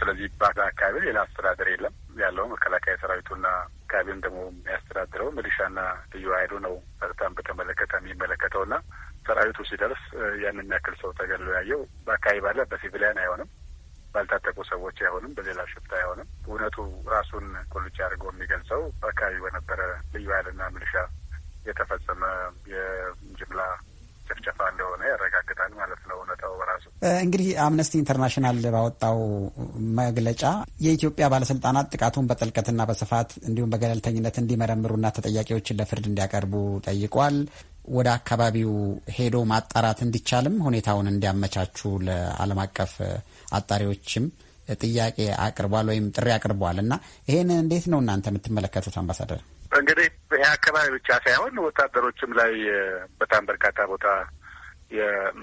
ስለዚህ አካባቢ ሌላ አስተዳደር የለም ያለው መከላከያ ሰራዊቱና አካባቢውን ደግሞ የሚያስተዳድረው ሚሊሻና ልዩ ኃይሉ ነው። ጸጥታን በተመለከተ የሚመለከተውና ሰራዊቱ ሲደርስ ያንን ያክል ሰው ተገሎ ያየው በአካባቢ ባለ በሲቪሊያን አይሆንም። ባልታጠቁ ሰዎች አይሆንም፣ በሌላ ሽፍታ አይሆንም። እውነቱ ራሱን ቁልጭ አድርጎ የሚገልጸው በአካባቢ በነበረ ልዩ ኃይልና ምልሻ የተፈጸመ የጅምላ ጭፍጨፋ እንደሆነ ያረጋግጣል ማለት ነው። እውነታው በራሱ እንግዲህ አምነስቲ ኢንተርናሽናል ባወጣው መግለጫ የኢትዮጵያ ባለስልጣናት ጥቃቱን በጥልቀትና በስፋት እንዲሁም በገለልተኝነት እንዲመረምሩና ተጠያቂዎችን ለፍርድ እንዲያቀርቡ ጠይቋል። ወደ አካባቢው ሄዶ ማጣራት እንዲቻልም ሁኔታውን እንዲያመቻቹ ለዓለም አቀፍ አጣሪዎችም ጥያቄ አቅርቧል ወይም ጥሪ አቅርቧል እና ይህን እንዴት ነው እናንተ የምትመለከቱት አምባሳደር? እንግዲህ ይሄ አካባቢ ብቻ ሳይሆን ወታደሮችም ላይ በጣም በርካታ ቦታ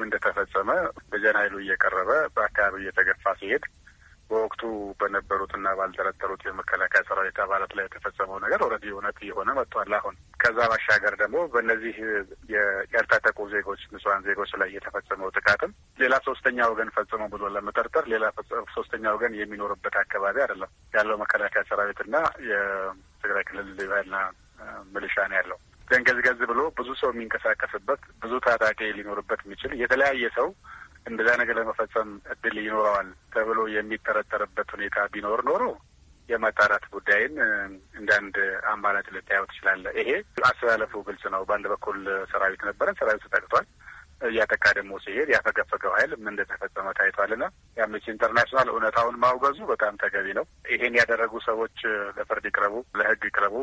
እንደተፈጸመ በጀን ኃይሉ እየቀረበ በአካባቢው እየተገፋ ሲሄድ በወቅቱ በነበሩትና ባልጠረጠሩት የመከላከያ ሰራዊት አባላት ላይ የተፈጸመው ነገር ኦልሬዲ እውነት እየሆነ መጥቷል። አሁን ከዛ ባሻገር ደግሞ በእነዚህ ያልታጠቁ ዜጎች ንጹሐን ዜጎች ላይ የተፈጸመው ጥቃትም ሌላ ሶስተኛ ወገን ፈጽሞ ብሎ ለመጠርጠር ሌላ ሶስተኛ ወገን የሚኖርበት አካባቢ አይደለም ያለው መከላከያ ሰራዊትና የትግራይ ክልል ልዩ ኃይልና ነው ያለው ገንገዝገዝ ብሎ ብዙ ሰው የሚንቀሳቀስበት ብዙ ታጣቂ ሊኖርበት የሚችል የተለያየ ሰው እንደዛ ነገር ለመፈጸም እድል ይኖረዋል ተብሎ የሚጠረጠርበት ሁኔታ ቢኖር ኖሮ የማጣራት ጉዳይን እንደ አንድ አማራጭ ልታየው ትችላለህ። ይሄ አስተላለፉ ግልጽ ነው። በአንድ በኩል ሰራዊት ነበረ፣ ሰራዊት ጠቅቷል። እያጠቃ ደግሞ ሲሄድ ያፈገፈገው ኃይል ምን እንደተፈጸመ ታይቷልና የአምነስቲ ኢንተርናሽናል እውነታውን ማውገዙ በጣም ተገቢ ነው። ይሄን ያደረጉ ሰዎች ለፍርድ ይቅረቡ፣ ለህግ ይቅረቡ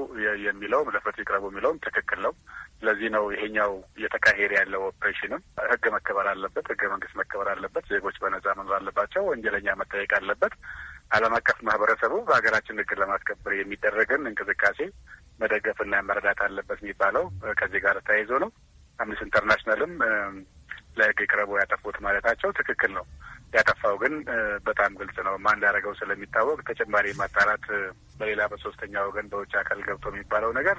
የሚለውም ለፍርድ ይቅረቡ የሚለውም ትክክል ነው። ስለዚህ ነው ይሄኛው እየተካሄደ ያለው ኦፕሬሽንም ህግ መከበር አለበት፣ ህገ መንግስት መከበር አለበት፣ ዜጎች በነጻ መኖር አለባቸው፣ ወንጀለኛ መጠየቅ አለበት። ዓለም አቀፍ ማህበረሰቡ በሀገራችን ህግ ለማስከበር የሚደረግን እንቅስቃሴ መደገፍና መረዳት አለበት የሚባለው ከዚህ ጋር ተያይዞ ነው። አምነስቲ ኢንተርናሽናልም ለህግ ቅረቡ ያጠፉት ማለታቸው ትክክል ነው። ያጠፋው ግን በጣም ግልጽ ነው። ማን እንዳደረገው ስለሚታወቅ ተጨማሪ ማጣራት በሌላ በሶስተኛ ወገን በውጭ አካል ገብቶ የሚባለው ነገር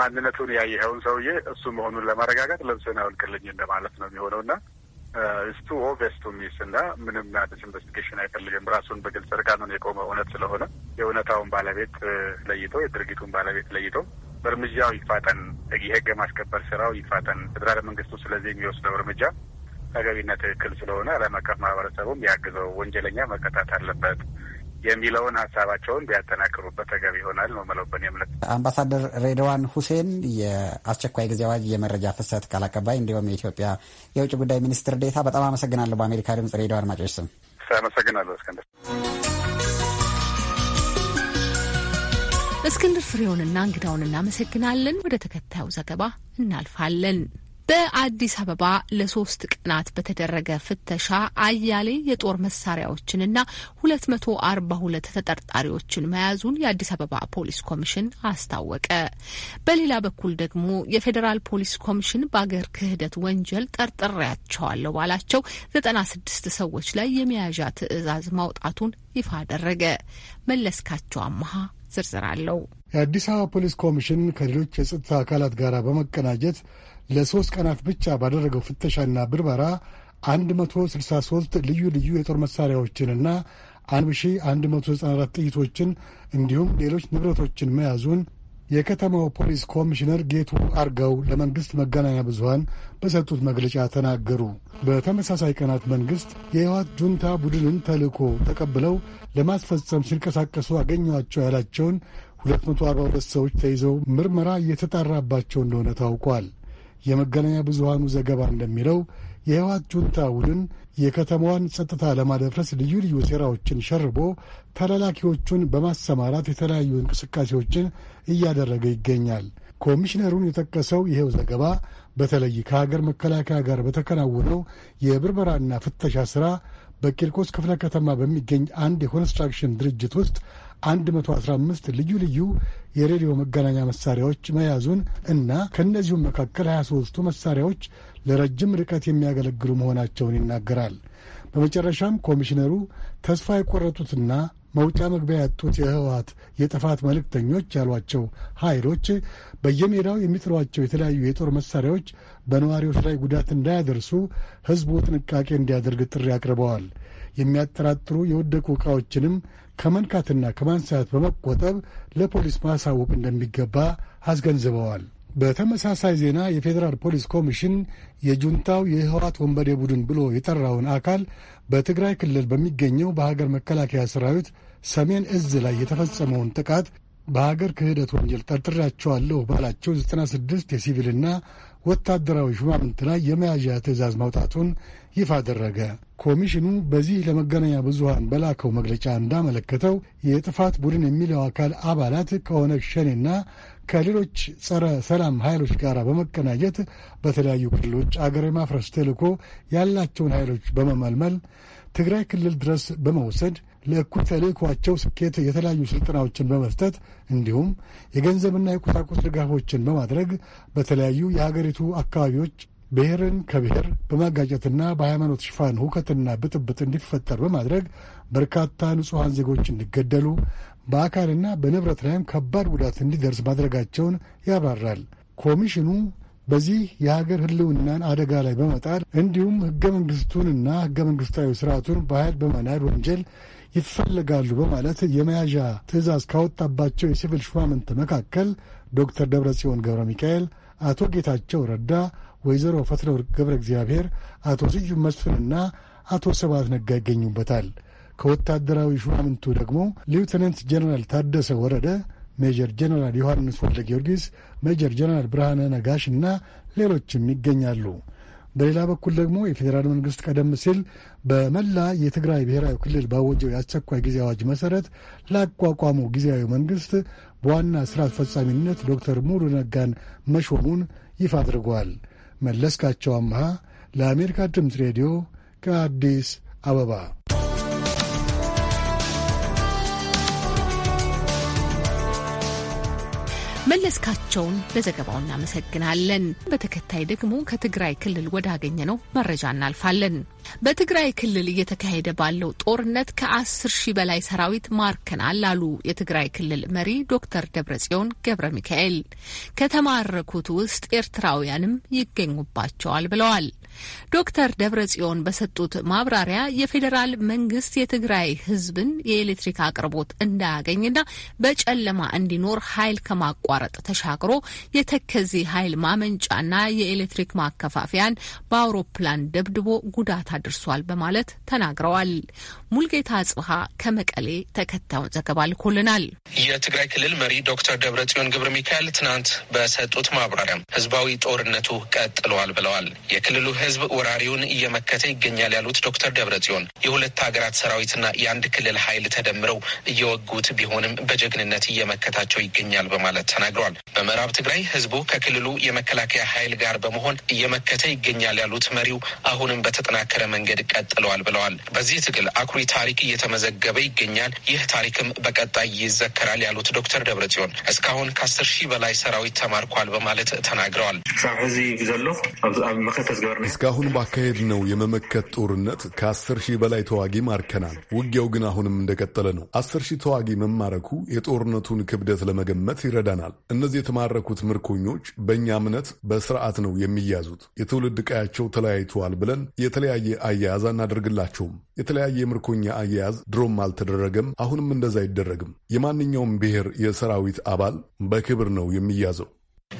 ማንነቱን ያየኸውን ሰውዬ እሱ መሆኑን ለማረጋገጥ ልብስህን አውልቅልኝ እንደማለት ነው የሚሆነው እና እስቱ ኦቨስቱ ሚስ እና ምንም አዲስ ኢንቨስቲጌሽን አይፈልግም። ራሱን በግልጽ እርቃኑን የቆመ እውነት ስለሆነ የእውነታውን ባለቤት ለይቶ የድርጊቱን ባለቤት ለይቶ እርምጃው ይፋጠን፣ የህግ ማስከበር ስራው ይፋጠን። ፌዴራል መንግስቱ ስለዚህ የሚወስደው እርምጃ ተገቢና ትክክል ስለሆነ ዓለም አቀፍ ማህበረሰቡም ያግዘው፣ ወንጀለኛ መቀጣት አለበት የሚለውን ሀሳባቸውን ቢያጠናክሩበት ተገቢ ይሆናል ነው የምለው በእኔ አምባሳደር ሬድዋን ሁሴን የአስቸኳይ ጊዜ አዋጅ የመረጃ ፍሰት ቃል አቀባይ እንዲሁም የኢትዮጵያ የውጭ ጉዳይ ሚኒስትር ዴታ፣ በጣም አመሰግናለሁ። በአሜሪካ ድምጽ ሬዲዮ አድማጮች ስም አመሰግናለሁ እስክንድር። እስክንድር ፍሬውንና እንግዳውን እናመሰግናለን። ወደ ተከታዩ ዘገባ እናልፋለን። በአዲስ አበባ ለሶስት ቀናት በተደረገ ፍተሻ አያሌ የጦር መሳሪያዎችንና ሁለት መቶ አርባ ሁለት ተጠርጣሪዎችን መያዙን የአዲስ አበባ ፖሊስ ኮሚሽን አስታወቀ። በሌላ በኩል ደግሞ የፌዴራል ፖሊስ ኮሚሽን በአገር ክህደት ወንጀል ጠርጥሬያቸዋለሁ ባላቸው ዘጠና ስድስት ሰዎች ላይ የመያዣ ትዕዛዝ ማውጣቱን ይፋ አደረገ። መለስካቸው አመሃ ዝርዝር አለው። የአዲስ አበባ ፖሊስ ኮሚሽን ከሌሎች የጸጥታ አካላት ጋር በመቀናጀት ለሶስት ቀናት ብቻ ባደረገው ፍተሻና ብርበራ 163 ልዩ ልዩ የጦር መሳሪያዎችንና 1194 ጥይቶችን እንዲሁም ሌሎች ንብረቶችን መያዙን የከተማው ፖሊስ ኮሚሽነር ጌቱ አርጋው ለመንግስት መገናኛ ብዙኃን በሰጡት መግለጫ ተናገሩ። በተመሳሳይ ቀናት መንግስት የህወሓት ጁንታ ቡድንን ተልዕኮ ተቀብለው ለማስፈጸም ሲንቀሳቀሱ አገኟቸው ያላቸውን 242 ሰዎች ተይዘው ምርመራ እየተጣራባቸው እንደሆነ ታውቋል። የመገናኛ ብዙሃኑ ዘገባ እንደሚለው የህወሓት ጁንታ ቡድን የከተማዋን ጸጥታ ለማደፍረስ ልዩ ልዩ ሴራዎችን ሸርቦ ተላላኪዎቹን በማሰማራት የተለያዩ እንቅስቃሴዎችን እያደረገ ይገኛል። ኮሚሽነሩን የጠቀሰው ይኸው ዘገባ በተለይ ከሀገር መከላከያ ጋር በተከናወነው የብርበራና ፍተሻ ሥራ በቂርቆስ ክፍለ ከተማ በሚገኝ አንድ የኮንስትራክሽን ድርጅት ውስጥ 115 ልዩ ልዩ የሬዲዮ መገናኛ መሳሪያዎች መያዙን እና ከእነዚሁም መካከል 23ቱ መሳሪያዎች ለረጅም ርቀት የሚያገለግሉ መሆናቸውን ይናገራል። በመጨረሻም ኮሚሽነሩ ተስፋ የቆረጡትና መውጫ መግቢያ ያጡት የህወሀት የጥፋት መልእክተኞች ያሏቸው ኃይሎች በየሜዳው የሚጥሏቸው የተለያዩ የጦር መሳሪያዎች በነዋሪዎች ላይ ጉዳት እንዳያደርሱ ህዝቡ ጥንቃቄ እንዲያደርግ ጥሪ አቅርበዋል። የሚያጠራጥሩ የወደቁ ዕቃዎችንም ከመንካትና ከማንሳት በመቆጠብ ለፖሊስ ማሳወቅ እንደሚገባ አስገንዝበዋል። በተመሳሳይ ዜና የፌዴራል ፖሊስ ኮሚሽን የጁንታው የህወሓት ወንበዴ ቡድን ብሎ የጠራውን አካል በትግራይ ክልል በሚገኘው በሀገር መከላከያ ሰራዊት ሰሜን እዝ ላይ የተፈጸመውን ጥቃት በሀገር ክህደት ወንጀል ጠርጥሬያቸዋለሁ ባላቸው 96 የሲቪልና ወታደራዊ ሹማምንት ላይ የመያዣ ትዕዛዝ ማውጣቱን ይፋ አደረገ። ኮሚሽኑ በዚህ ለመገናኛ ብዙሃን በላከው መግለጫ እንዳመለከተው የጥፋት ቡድን የሚለው አካል አባላት ከኦነግ ሸኔና ከሌሎች ጸረ ሰላም ኃይሎች ጋር በመቀናጀት በተለያዩ ክልሎች አገር የማፍረስ ተልዕኮ ያላቸውን ኃይሎች በመመልመል ትግራይ ክልል ድረስ በመውሰድ ለእኩል ተልእኳቸው ስኬት የተለያዩ ስልጠናዎችን በመስጠት እንዲሁም የገንዘብና የቁሳቁስ ድጋፎችን በማድረግ በተለያዩ የሀገሪቱ አካባቢዎች ብሔርን ከብሔር በማጋጨትና በሃይማኖት ሽፋን ሁከትና ብጥብጥ እንዲፈጠር በማድረግ በርካታ ንጹሐን ዜጎች እንዲገደሉ በአካልና በንብረት ላይም ከባድ ጉዳት እንዲደርስ ማድረጋቸውን ያብራራል። ኮሚሽኑ በዚህ የሀገር ሕልውናን አደጋ ላይ በመጣል እንዲሁም ሕገ መንግሥቱንና ሕገ መንግሥታዊ ስርዓቱን በኃይል በመናድ ወንጀል ይፈለጋሉ በማለት የመያዣ ትዕዛዝ ካወጣባቸው የሲቪል ሹማምንት መካከል ዶክተር ደብረ ጽዮን ገብረ ሚካኤል፣ አቶ ጌታቸው ረዳ፣ ወይዘሮ ፈትለወርቅ ገብረ እግዚአብሔር፣ አቶ ስዩም መስፍንና አቶ ሰባት ነጋ ይገኙበታል። ከወታደራዊ ሹማምንቱ ደግሞ ሊውተናንት ጀነራል ታደሰ ወረደ፣ ሜጀር ጀነራል ዮሐንስ ወልደ ጊዮርጊስ፣ ሜጀር ጀነራል ብርሃነ ነጋሽ እና ሌሎችም ይገኛሉ። በሌላ በኩል ደግሞ የፌዴራል መንግስት ቀደም ሲል በመላ የትግራይ ብሔራዊ ክልል ባወጀው የአስቸኳይ ጊዜ አዋጅ መሰረት ላቋቋመው ጊዜያዊ መንግስት በዋና ሥራ አስፈጻሚነት ዶክተር ሙሉ ነጋን መሾሙን ይፋ አድርጓል። መለስካቸው አምሃ ለአሜሪካ ድምፅ ሬዲዮ ከአዲስ አበባ መለስካቸውን ለዘገባው እናመሰግናለን። በተከታይ ደግሞ ከትግራይ ክልል ነው መረጃ እናልፋለን። በትግራይ ክልል እየተካሄደ ባለው ጦርነት ከአስር ሺህ በላይ ሰራዊት ማርከናል አሉ የትግራይ ክልል መሪ ዶክተር ደብረጽዮን ገብረ ሚካኤል። ከተማረኩት ውስጥ ኤርትራውያንም ይገኙባቸዋል ብለዋል። ዶክተር ደብረ ጽዮን በሰጡት ማብራሪያ የፌዴራል መንግስት የትግራይ ህዝብን የኤሌክትሪክ አቅርቦት እንዳያገኝና በጨለማ እንዲኖር ኃይል ከማቋረጥ ተሻግሮ የተከዜ ኃይል ማመንጫና የኤሌክትሪክ ማከፋፈያን በአውሮፕላን ደብድቦ ጉዳት አድርሷል በማለት ተናግረዋል። ሙልጌታ ጽሀ ከመቀሌ ተከታዩን ዘገባ ልኮልናል። የትግራይ ክልል መሪ ዶክተር ደብረ ጽዮን ገብረ ሚካኤል ትናንት በሰጡት ማብራሪያ ህዝባዊ ጦርነቱ ቀጥለዋል ብለዋል። የክልሉ ህዝብ ወራሪውን እየመከተ ይገኛል ያሉት ዶክተር ደብረጽዮን የሁለት ሀገራት ሰራዊትና የአንድ ክልል ኃይል ተደምረው እየወጉት ቢሆንም በጀግንነት እየመከታቸው ይገኛል በማለት ተናግሯል። በምዕራብ ትግራይ ህዝቡ ከክልሉ የመከላከያ ኃይል ጋር በመሆን እየመከተ ይገኛል ያሉት መሪው አሁንም በተጠናከረ መንገድ ቀጥለዋል ብለዋል። በዚህ ትግል አኩሪ ታሪክ እየተመዘገበ ይገኛል፣ ይህ ታሪክም በቀጣይ ይዘከራል ያሉት ዶክተር ደብረጽዮን እስካሁን ከአስር ሺህ በላይ ሰራዊት ተማርኳል በማለት ተናግረዋል። ሳብ ሕዚ ዘሎ ኣብ መከተ ዝገበርኒ እስካሁን ነው የመመከት ጦርነት ከአስር ሺህ በላይ ተዋጊ ማርከናል። ውጊያው ግን አሁንም እንደቀጠለ ነው። አስር ሺህ ተዋጊ መማረኩ የጦርነቱን ክብደት ለመገመት ይረዳናል። እነዚህ የተማረኩት ምርኮኞች በእኛ እምነት በስርዓት ነው የሚያዙት። የትውልድ ቀያቸው ተለያይተዋል ብለን የተለያየ አያያዝ አናደርግላቸውም። የተለያየ ምርኮኛ አያያዝ ድሮም አልተደረገም፣ አሁንም እንደዛ አይደረግም። የማንኛውም ብሔር የሰራዊት አባል በክብር ነው የሚያዘው።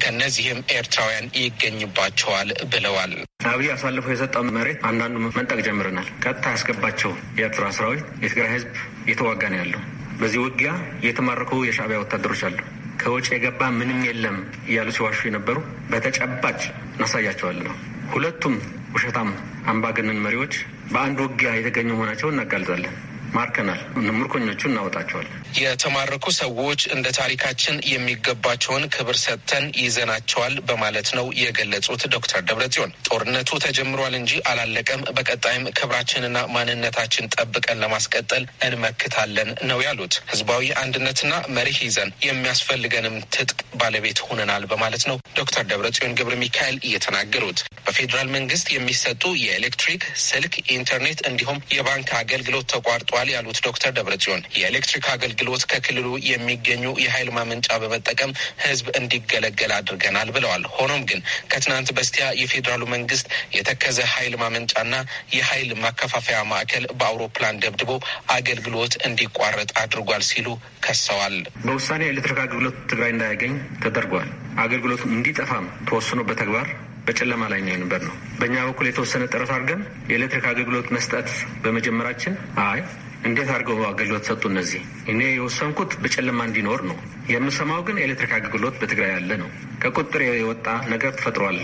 ከነዚህም ኤርትራውያን ይገኝባቸዋል ብለዋል። አብይ አሳልፎ የሰጠው መሬት አንዳንዱ መንጠቅ ጀምረናል። ቀጥታ ያስገባቸው የኤርትራ ሰራዊት የትግራይ ህዝብ እየተዋጋ ነው ያለው። በዚህ ውጊያ የተማረኩ የሻዕቢያ ወታደሮች አሉ። ከውጭ የገባ ምንም የለም እያሉ ሲዋሹ የነበሩ በተጨባጭ እናሳያቸዋል ነው። ሁለቱም ውሸታም አምባገነን መሪዎች በአንድ ውጊያ የተገኙ መሆናቸውን እናጋልጣለን። ማርከናል። ምርኮኞቹ እናወጣቸዋለን። የተማረኩ ሰዎች እንደ ታሪካችን የሚገባቸውን ክብር ሰጥተን ይዘናቸዋል በማለት ነው የገለጹት ዶክተር ደብረጽዮን። ጦርነቱ ተጀምሯል እንጂ አላለቀም። በቀጣይም ክብራችንና ማንነታችን ጠብቀን ለማስቀጠል እንመክታለን ነው ያሉት። ህዝባዊ አንድነትና መርህ ይዘን የሚያስፈልገንም ትጥቅ ባለቤት ሆነናል በማለት ነው ዶክተር ደብረጽዮን ገብረ ሚካኤል እየተናገሩት። በፌዴራል መንግስት የሚሰጡ የኤሌክትሪክ፣ ስልክ፣ ኢንተርኔት እንዲሁም የባንክ አገልግሎት ተቋርጧል ያሉት ዶክተር ደብረጽዮን የኤሌክትሪክ አገልግሎት አገልግሎት ከክልሉ የሚገኙ የኃይል ማመንጫ በመጠቀም ህዝብ እንዲገለገል አድርገናል ብለዋል። ሆኖም ግን ከትናንት በስቲያ የፌዴራሉ መንግስት የተከዘ ኃይል ማመንጫና የኃይል ማከፋፈያ ማዕከል በአውሮፕላን ደብድቦ አገልግሎት እንዲቋረጥ አድርጓል ሲሉ ከሰዋል። በውሳኔ የኤሌክትሪክ አገልግሎት ትግራይ እንዳያገኝ ተደርጓል። አገልግሎት እንዲጠፋም ተወስኖ በተግባር በጨለማ ላይ ነው የነበር ነው። በእኛ በኩል የተወሰነ ጥረት አድርገን የኤሌክትሪክ አገልግሎት መስጠት በመጀመራችን አይ እንዴት አድርገው አገልግሎት ሰጡ? እነዚህ እኔ የወሰንኩት በጨለማ እንዲኖር ነው። የምሰማው ግን የኤሌክትሪክ አገልግሎት በትግራይ ያለ ነው። ከቁጥር የወጣ ነገር ተፈጥሯል።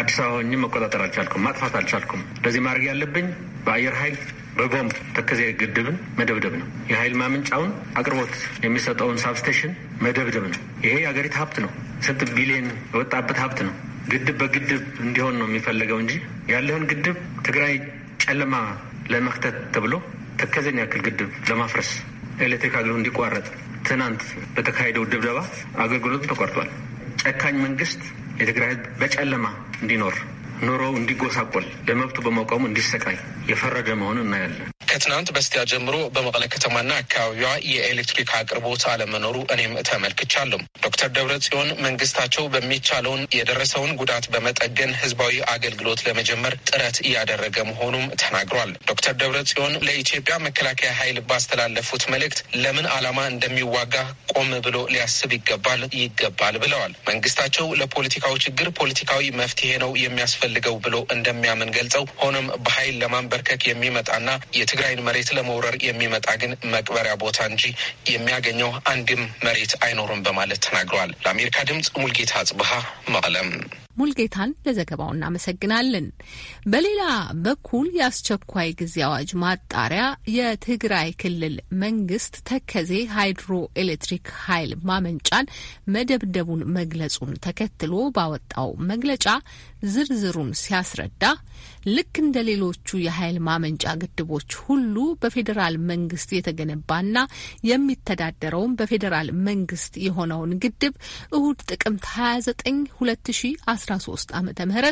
አዲስ አበባ ሆኜ መቆጣጠር አልቻልኩም፣ ማጥፋት አልቻልኩም። ለዚህ ማድረግ ያለብኝ በአየር ኃይል በቦምብ ተከዜ ግድብን መደብደብ ነው። የኃይል ማመንጫውን አቅርቦት የሚሰጠውን ሳብስቴሽን መደብደብ ነው። ይሄ የአገሪቱ ሀብት ነው። ስንት ቢሊዮን የወጣበት ሀብት ነው። ግድብ በግድብ እንዲሆን ነው የሚፈለገው እንጂ ያለህን ግድብ ትግራይ ጨለማ ለመክተት ተብሎ ተከዘኛ ያክል ግድብ ለማፍረስ ኤሌክትሪክ አገልግሎት እንዲቋረጥ ትናንት በተካሄደው ድብደባ አገልግሎቱ ተቋርጧል። ጨካኝ መንግስት የትግራይ ህዝብ በጨለማ እንዲኖር ኑሮው እንዲጎሳቆል ለመብቱ በመቋሙ እንዲሰቃይ የፈረደ መሆኑን እናያለን። ከትናንት በስቲያ ጀምሮ በመቀለ ከተማና አካባቢዋ የኤሌክትሪክ አቅርቦት አለመኖሩ እኔም ተመልክቻለሁ። ዶክተር ደብረ ጽዮን መንግስታቸው በሚቻለውን የደረሰውን ጉዳት በመጠገን ህዝባዊ አገልግሎት ለመጀመር ጥረት እያደረገ መሆኑም ተናግሯል። ዶክተር ደብረ ጽዮን ለኢትዮጵያ መከላከያ ኃይል ባስተላለፉት መልእክት ለምን ዓላማ እንደሚዋጋ ቆም ብሎ ሊያስብ ይገባል ይገባል ብለዋል። መንግስታቸው ለፖለቲካው ችግር ፖለቲካዊ መፍትሄ ነው የሚያስፈልግ የምንፈልገው ብሎ እንደሚያምን ገልጸው፣ ሆኖም በኃይል ለማንበርከክ የሚመጣና የትግራይን መሬት ለመውረር የሚመጣ ግን መቅበሪያ ቦታ እንጂ የሚያገኘው አንድም መሬት አይኖርም በማለት ተናግረዋል። ለአሜሪካ ድምጽ ሙልጌታ አጽብሃ መቀለም ሙልጌታን ለዘገባው እናመሰግናለን። በሌላ በኩል የአስቸኳይ ጊዜ አዋጅ ማጣሪያ የትግራይ ክልል መንግስት ተከዜ ሃይድሮ ኤሌክትሪክ ኃይል ማመንጫን መደብደቡን መግለጹን ተከትሎ ባወጣው መግለጫ ዝርዝሩን ሲያስረዳ ልክ እንደ ሌሎቹ የኃይል ማመንጫ ግድቦች ሁሉ በፌዴራል መንግስት የተገነባና የሚተዳደረውም በፌዴራል መንግስት የሆነውን ግድብ እሁድ ጥቅምት 29 2013 ዓ ም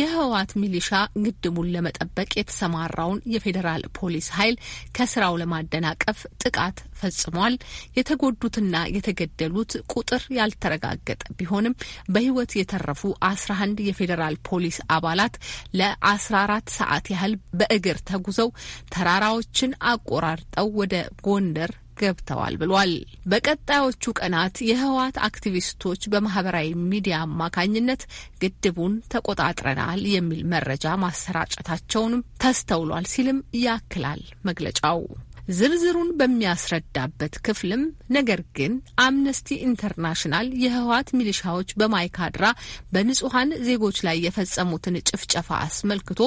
የህወሓት ሚሊሻ ግድቡን ለመጠበቅ የተሰማራውን የፌዴራል ፖሊስ ኃይል ከስራው ለማደናቀፍ ጥቃት ፈጽሟል። የተጎዱትና የተገደሉት ቁጥር ያልተረጋገጠ ቢሆንም በህይወት የተረፉ 11 የፌዴራል ፖሊስ አባላት ለአስ 14 ሰዓት ያህል በእግር ተጉዘው ተራራዎችን አቆራርጠው ወደ ጎንደር ገብተዋል ብሏል። በቀጣዮቹ ቀናት የህወሓት አክቲቪስቶች በማህበራዊ ሚዲያ አማካኝነት ግድቡን ተቆጣጥረናል የሚል መረጃ ማሰራጨታቸውንም ተስተውሏል ሲልም ያክላል መግለጫው። ዝርዝሩን በሚያስረዳበት ክፍልም ነገር ግን አምነስቲ ኢንተርናሽናል የህወሀት ሚሊሻዎች በማይካድራ በንጹሀን ዜጎች ላይ የፈጸሙትን ጭፍጨፋ አስመልክቶ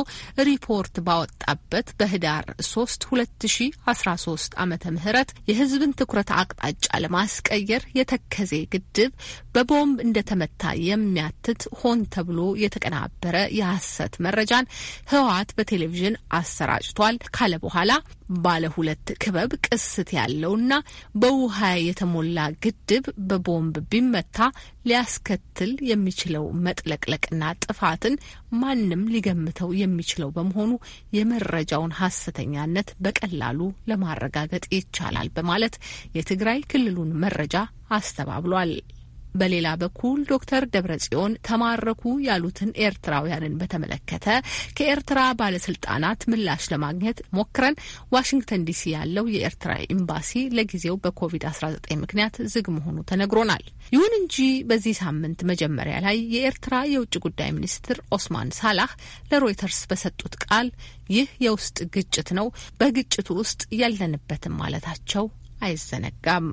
ሪፖርት ባወጣበት በህዳር ሶስት ሁለት ሺ አስራ ሶስት አመተ ምህረት የህዝብን ትኩረት አቅጣጫ ለማስቀየር የተከዜ ግድብ በቦምብ እንደተመታ የሚያትት ሆን ተብሎ የተቀናበረ የሀሰት መረጃን ህወሀት በቴሌቪዥን አሰራጭቷል ካለ በኋላ ባለ ሁለት የሁለት ክበብ ቅስት ያለውና በውሃ የተሞላ ግድብ በቦምብ ቢመታ ሊያስከትል የሚችለው መጥለቅለቅና ጥፋትን ማንም ሊገምተው የሚችለው በመሆኑ የመረጃውን ሐሰተኛነት በቀላሉ ለማረጋገጥ ይቻላል በማለት የትግራይ ክልሉን መረጃ አስተባብሏል። በሌላ በኩል ዶክተር ደብረጽዮን ተማረኩ ያሉትን ኤርትራውያንን በተመለከተ ከኤርትራ ባለስልጣናት ምላሽ ለማግኘት ሞክረን ዋሽንግተን ዲሲ ያለው የኤርትራ ኤምባሲ ለጊዜው በኮቪድ-19 ምክንያት ዝግ መሆኑ ተነግሮናል። ይሁን እንጂ በዚህ ሳምንት መጀመሪያ ላይ የኤርትራ የውጭ ጉዳይ ሚኒስትር ኦስማን ሳላህ ለሮይተርስ በሰጡት ቃል ይህ የውስጥ ግጭት ነው፣ በግጭቱ ውስጥ ያለንበትም ማለታቸው አይዘነጋም።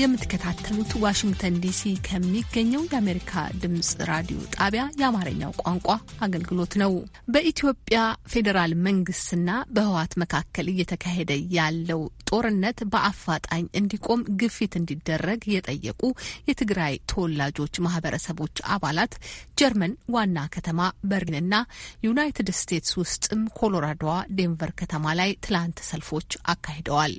የምትከታተሉት ዋሽንግተን ዲሲ ከሚገኘው የአሜሪካ ድምፅ ራዲዮ ጣቢያ የአማርኛው ቋንቋ አገልግሎት ነው። በኢትዮጵያ ፌዴራል መንግስትና በህወሓት መካከል እየተካሄደ ያለው ጦርነት በአፋጣኝ እንዲቆም ግፊት እንዲደረግ የጠየቁ የትግራይ ተወላጆች ማህበረሰቦች አባላት ጀርመን ዋና ከተማ በርሊንና ዩናይትድ ስቴትስ ውስጥም ኮሎራዶዋ ዴንቨር ከተማ ላይ ትላንት ሰልፎች አካሂደዋል።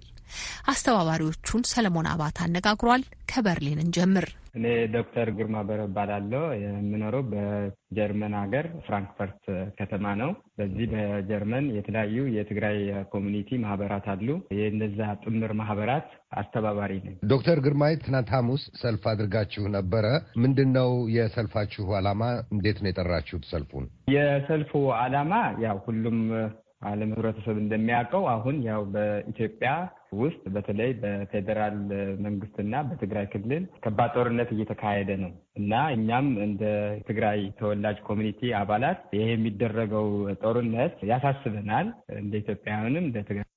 አስተባባሪዎቹን ሰለሞን አባት አነጋግሯል። ከበርሊን እንጀምር። እኔ ዶክተር ግርማ በረ እባላለሁ። የምኖረው በጀርመን ሀገር ፍራንክፈርት ከተማ ነው። በዚህ በጀርመን የተለያዩ የትግራይ ኮሚኒቲ ማህበራት አሉ። የነዛ ጥምር ማህበራት አስተባባሪ ነኝ። ዶክተር ግርማይ ትናንት ሐሙስ ሰልፍ አድርጋችሁ ነበረ። ምንድን ነው የሰልፋችሁ ዓላማ? እንዴት ነው የጠራችሁት ሰልፉን? የሰልፉ ዓላማ ያው ሁሉም ዓለም ህብረተሰብ እንደሚያውቀው አሁን ያው በኢትዮጵያ ውስጥ በተለይ በፌዴራል መንግስትና በትግራይ ክልል ከባድ ጦርነት እየተካሄደ ነው እና እኛም እንደ ትግራይ ተወላጅ ኮሚኒቲ አባላት ይሄ የሚደረገው ጦርነት ያሳስበናል፣ እንደ ኢትዮጵያውያንም እንደ ትግራይ።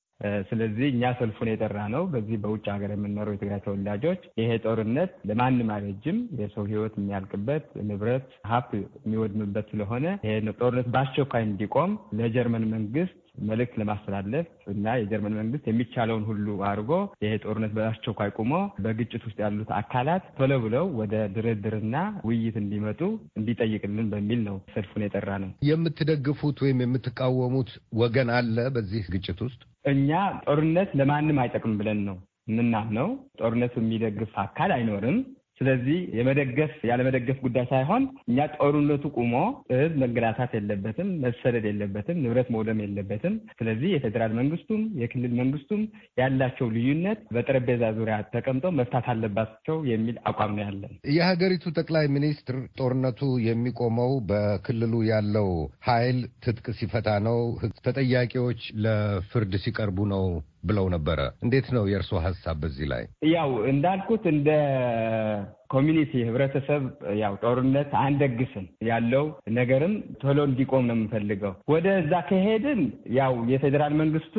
ስለዚህ እኛ ሰልፉን የጠራ ነው። በዚህ በውጭ ሀገር የምንኖሩ የትግራይ ተወላጆች ይሄ ጦርነት ለማንም አይበጅም፣ የሰው ሕይወት የሚያልቅበት ንብረት ሀብት የሚወድምበት ስለሆነ ይሄ ጦርነት በአስቸኳይ እንዲቆም ለጀርመን መንግስት መልእክት ለማስተላለፍ እና የጀርመን መንግስት የሚቻለውን ሁሉ አድርጎ ይሄ ጦርነት በአስቸኳይ ቁሞ በግጭት ውስጥ ያሉት አካላት ቶሎ ብለው ወደ ድርድርና ውይይት እንዲመጡ እንዲጠይቅልን በሚል ነው ሰልፉን የጠራ ነው። የምትደግፉት ወይም የምትቃወሙት ወገን አለ በዚህ ግጭት ውስጥ? እኛ ጦርነት ለማንም አይጠቅም ብለን ነው ምናምነው። ጦርነቱ የሚደግፍ አካል አይኖርም። ስለዚህ የመደገፍ ያለመደገፍ ጉዳይ ሳይሆን እኛ ጦርነቱ ቁሞ ህዝብ መገላታት የለበትም፣ መሰደድ የለበትም፣ ንብረት መውደም የለበትም። ስለዚህ የፌዴራል መንግስቱም የክልል መንግስቱም ያላቸው ልዩነት በጠረጴዛ ዙሪያ ተቀምጠው መፍታት አለባቸው የሚል አቋም ነው ያለን። የሀገሪቱ ጠቅላይ ሚኒስትር ጦርነቱ የሚቆመው በክልሉ ያለው ኃይል ትጥቅ ሲፈታ ነው፣ ተጠያቂዎች ለፍርድ ሲቀርቡ ነው ብለው ነበረ። እንዴት ነው የእርስዎ ሀሳብ በዚህ ላይ? ያው እንዳልኩት እንደ ኮሚኒቲ ህብረተሰብ ያው ጦርነት አንደግስም ያለው ነገርም ቶሎ እንዲቆም ነው የምንፈልገው። ወደዛ ከሄድን ያው የፌዴራል መንግስቱ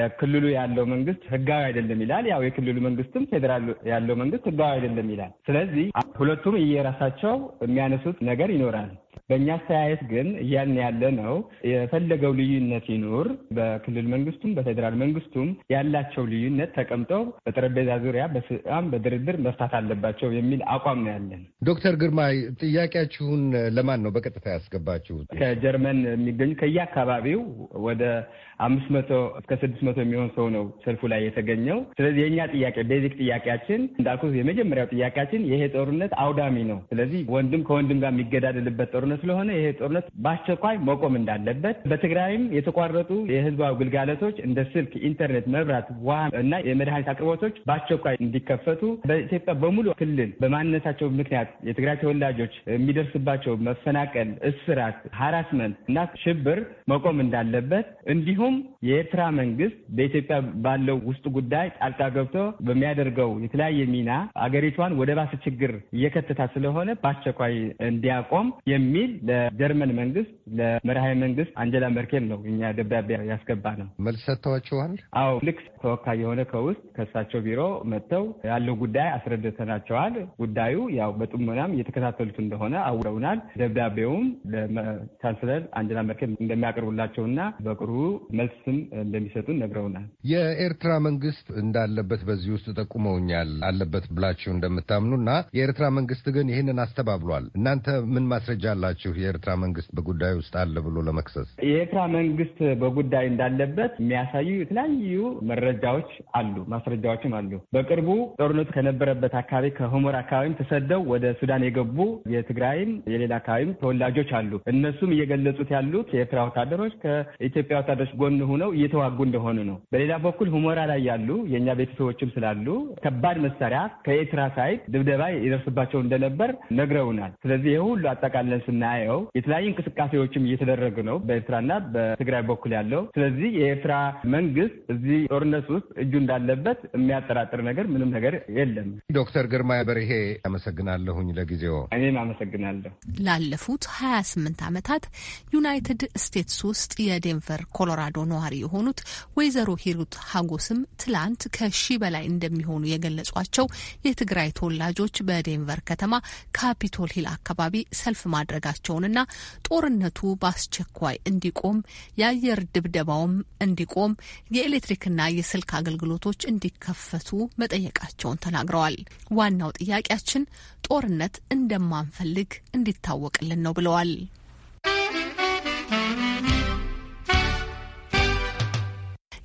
ለክልሉ ያለው መንግስት ህጋዊ አይደለም ይላል። ያው የክልሉ መንግስትም ፌዴራል ያለው መንግስት ህጋዊ አይደለም ይላል። ስለዚህ ሁለቱም የራሳቸው የሚያነሱት ነገር ይኖራል። በእኛ አስተያየት ግን እያልን ያለ ነው የፈለገው ልዩነት ይኑር፣ በክልል መንግስቱም በፌዴራል መንግስቱም ያላቸው ልዩነት ተቀምጠው በጠረጴዛ ዙሪያ በሰላም በድርድር መፍታት አለባቸው የሚል አቋም ነው ያለን። ዶክተር ግርማ ጥያቄያችሁን ለማን ነው በቀጥታ ያስገባችሁት? ከጀርመን የሚገኙ ከየአካባቢው ወደ አምስት መቶ እስከ ስድስት መቶ የሚሆን ሰው ነው ሰልፉ ላይ የተገኘው። ስለዚህ የእኛ ጥያቄ ቤዚክ ጥያቄያችን እንዳልኩት የመጀመሪያው ጥያቄያችን ይሄ ጦርነት አውዳሚ ነው። ስለዚህ ወንድም ከወንድም ጋር የሚገዳደልበት ጦርነት ስለሆነ ይሄ ጦርነት በአስቸኳይ መቆም እንዳለበት፣ በትግራይም የተቋረጡ የህዝባዊ ግልጋሎቶች እንደ ስልክ፣ ኢንተርኔት፣ መብራት፣ ውሃ እና የመድኃኒት አቅርቦቶች በአስቸኳይ እንዲከፈቱ፣ በኢትዮጵያ በሙሉ ክልል በማንነታቸው ምክንያት የትግራይ ተወላጆች የሚደርስባቸው መፈናቀል፣ እስራት፣ ሀራስመንት እና ሽብር መቆም እንዳለበት እንዲሁም هم የኤርትራ መንግስት በኢትዮጵያ ባለው ውስጥ ጉዳይ ጣልቃ ገብቶ በሚያደርገው የተለያየ ሚና አገሪቷን ወደ ባሰ ችግር እየከተታ ስለሆነ በአስቸኳይ እንዲያቆም የሚል ለጀርመን መንግስት ለመርሃዊ መንግስት አንጀላ መርኬል ነው እኛ ደብዳቤ ያስገባ ነው። መልስ ሰጥተዋቸዋል? አዎ ልክ ተወካይ የሆነ ከውስጥ ከእሳቸው ቢሮ መጥተው ያለው ጉዳይ አስረድተናቸዋል። ጉዳዩ ያው በጥሞናም እየተከታተሉት እንደሆነ አውረውናል። ደብዳቤውም ለቻንስለር አንጀላ መርኬል እንደሚያቀርቡላቸውና በቅርቡ መልስም አስተያየትም እንደሚሰጡን ነግረውናል። የኤርትራ መንግስት እንዳለበት በዚህ ውስጥ ጠቁመውኛል አለበት ብላችሁ እና የኤርትራ መንግስት ግን ይህንን አስተባብሏል። እናንተ ምን ማስረጃ አላችሁ? የኤርትራ መንግስት በጉዳይ ውስጥ አለ ብሎ ለመክሰስ የኤርትራ መንግስት በጉዳይ እንዳለበት የሚያሳዩ የተለያዩ መረጃዎች አሉ፣ ማስረጃዎችም አሉ። በቅርቡ ጦርነቱ ከነበረበት አካባቢ ከሆሞር አካባቢም ተሰደው ወደ ሱዳን የገቡ የትግራይም የሌላ አካባቢም ተወላጆች አሉ። እነሱም እየገለጹት ያሉት የኤርትራ ወታደሮች ከኢትዮጵያ ወታደሮች ጎን ሆነው ነው እየተዋጉ እንደሆኑ ነው። በሌላ በኩል ሁመራ ላይ ያሉ የእኛ ቤተሰቦችም ስላሉ ከባድ መሳሪያ ከኤርትራ ሳይድ ድብደባ የደርስባቸው እንደነበር ነግረውናል። ስለዚህ ይህ ሁሉ አጠቃለን ስናየው የተለያዩ እንቅስቃሴዎችም እየተደረጉ ነው በኤርትራና በትግራይ በኩል ያለው። ስለዚህ የኤርትራ መንግስት እዚህ ጦርነት ውስጥ እጁ እንዳለበት የሚያጠራጥር ነገር ምንም ነገር የለም። ዶክተር ግርማ በርሄ አመሰግናለሁኝ። ለጊዜው እኔም አመሰግናለሁ። ላለፉት ሀያ ስምንት ዓመታት ዩናይትድ ስቴትስ ውስጥ የዴንቨር ኮሎራዶ ነዋ። ነዋሪ የሆኑት ወይዘሮ ሂሩት ሀጎስም ትላንት ከሺ በላይ እንደሚሆኑ የገለጿቸው የትግራይ ተወላጆች በዴንቨር ከተማ ካፒቶል ሂል አካባቢ ሰልፍ ማድረጋቸውንና ጦርነቱ በአስቸኳይ እንዲቆም፣ የአየር ድብደባውም እንዲቆም፣ የኤሌክትሪክና የስልክ አገልግሎቶች እንዲከፈቱ መጠየቃቸውን ተናግረዋል። ዋናው ጥያቄያችን ጦርነት እንደማንፈልግ እንዲታወቅልን ነው ብለዋል።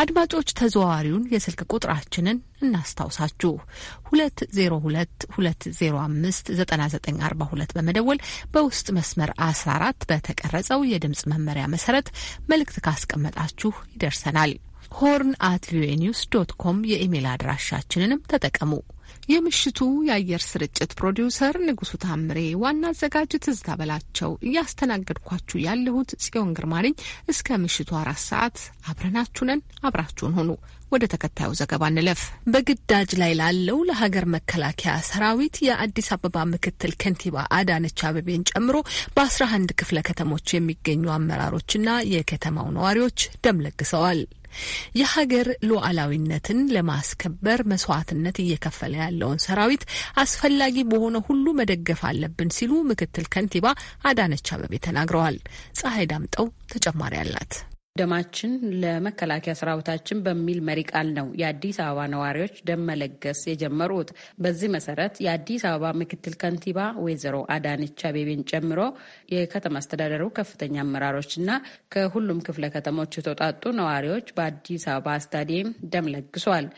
አድማጮች ተዘዋዋሪውን የስልክ ቁጥራችንን እናስታውሳችሁ። ሁለት ዜሮ ሁለት ሁለት ዜሮ አምስት ዘጠና ዘጠኝ አርባ ሁለት በመደወል በውስጥ መስመር አስራ አራት በተቀረጸው የድምጽ መመሪያ መሰረት መልእክት ካስቀመጣችሁ ይደርሰናል። ሆርን አት ቪኦኤ ኒውስ ዶት ኮም የኢሜይል አድራሻችንንም ተጠቀሙ። የምሽቱ የአየር ስርጭት ፕሮዲውሰር ንጉሱ ታምሬ፣ ዋና አዘጋጅ ትዝታ በላቸው፣ እያስተናገድኳችሁ ያለሁት ጽዮን ግርማ ነኝ። እስከ ምሽቱ አራት ሰዓት አብረናችሁ ነን። አብራችሁን ሆኑ። ወደ ተከታዩ ዘገባ እንለፍ። በግዳጅ ላይ ላለው ለሀገር መከላከያ ሰራዊት የአዲስ አበባ ምክትል ከንቲባ አዳነች አበቤን ጨምሮ በ11 ክፍለ ከተሞች የሚገኙ አመራሮችና የከተማው ነዋሪዎች ደም ለግሰዋል። የሀገር ሉዓላዊነትን ለማስከበር መስዋዕትነት እየከፈለ ያለውን ሰራዊት አስፈላጊ በሆነ ሁሉ መደገፍ አለብን ሲሉ ምክትል ከንቲባ አዳነች አበቤ ተናግረዋል። ፀሐይ ዳምጠው ተጨማሪ አላት። ደማችን ለመከላከያ ሰራዊታችን በሚል መሪ ቃል ነው የአዲስ አበባ ነዋሪዎች ደም መለገስ የጀመሩት። በዚህ መሰረት የአዲስ አበባ ምክትል ከንቲባ ወይዘሮ አዳነች አቤቤን ጨምሮ የከተማ አስተዳደሩ ከፍተኛ አመራሮችና ከሁሉም ክፍለ ከተሞች የተውጣጡ ነዋሪዎች በአዲስ አበባ ስታዲየም ደም ለግሷል።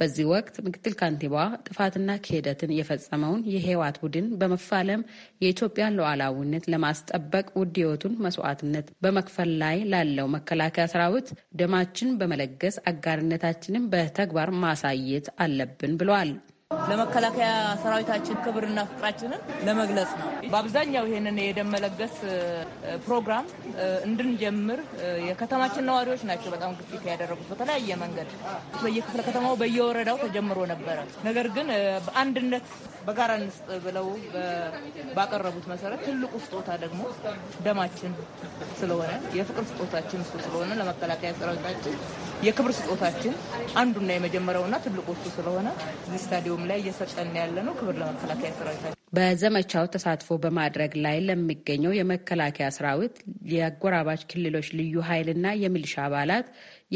በዚህ ወቅት ምክትል ካንቲባ ጥፋትና ክህደትን የፈጸመውን የህወሓት ቡድን በመፋለም የኢትዮጵያን ሉዓላዊነት ለማስጠበቅ ውድ ህይወቱን መስዋዕትነት በመክፈል ላይ ላለው መከላከያ ሰራዊት ደማችን በመለገስ አጋርነታችንን በተግባር ማሳየት አለብን ብለዋል። ለመከላከያ ሰራዊታችን ክብርና ፍቅራችንን ለመግለጽ ነው። በአብዛኛው ይህንን የደም መለገስ ፕሮግራም እንድንጀምር የከተማችን ነዋሪዎች ናቸው በጣም ግፊት ያደረጉት። በተለያየ መንገድ በየክፍለ ከተማው በየወረዳው ተጀምሮ ነበረ። ነገር ግን በአንድነት በጋራ እንስጥ ብለው ባቀረቡት መሰረት ትልቁ ስጦታ ደግሞ ደማችን ስለሆነ የፍቅር ስጦታችን እሱ ስለሆነ ለመከላከያ ሰራዊታችን የክብር ስጦታችን አንዱና የመጀመሪያውና ትልቁ እሱ ስለሆነ ስታዲየም ሁሉም ላይ እየሰጠን ያለ ነው። ክብር ለመከላከያ ሰራዊታችን። በዘመቻው ተሳትፎ በማድረግ ላይ ለሚገኘው የመከላከያ ሰራዊት የአጎራባች ክልሎች ልዩ ኃይልና የሚሊሻ አባላት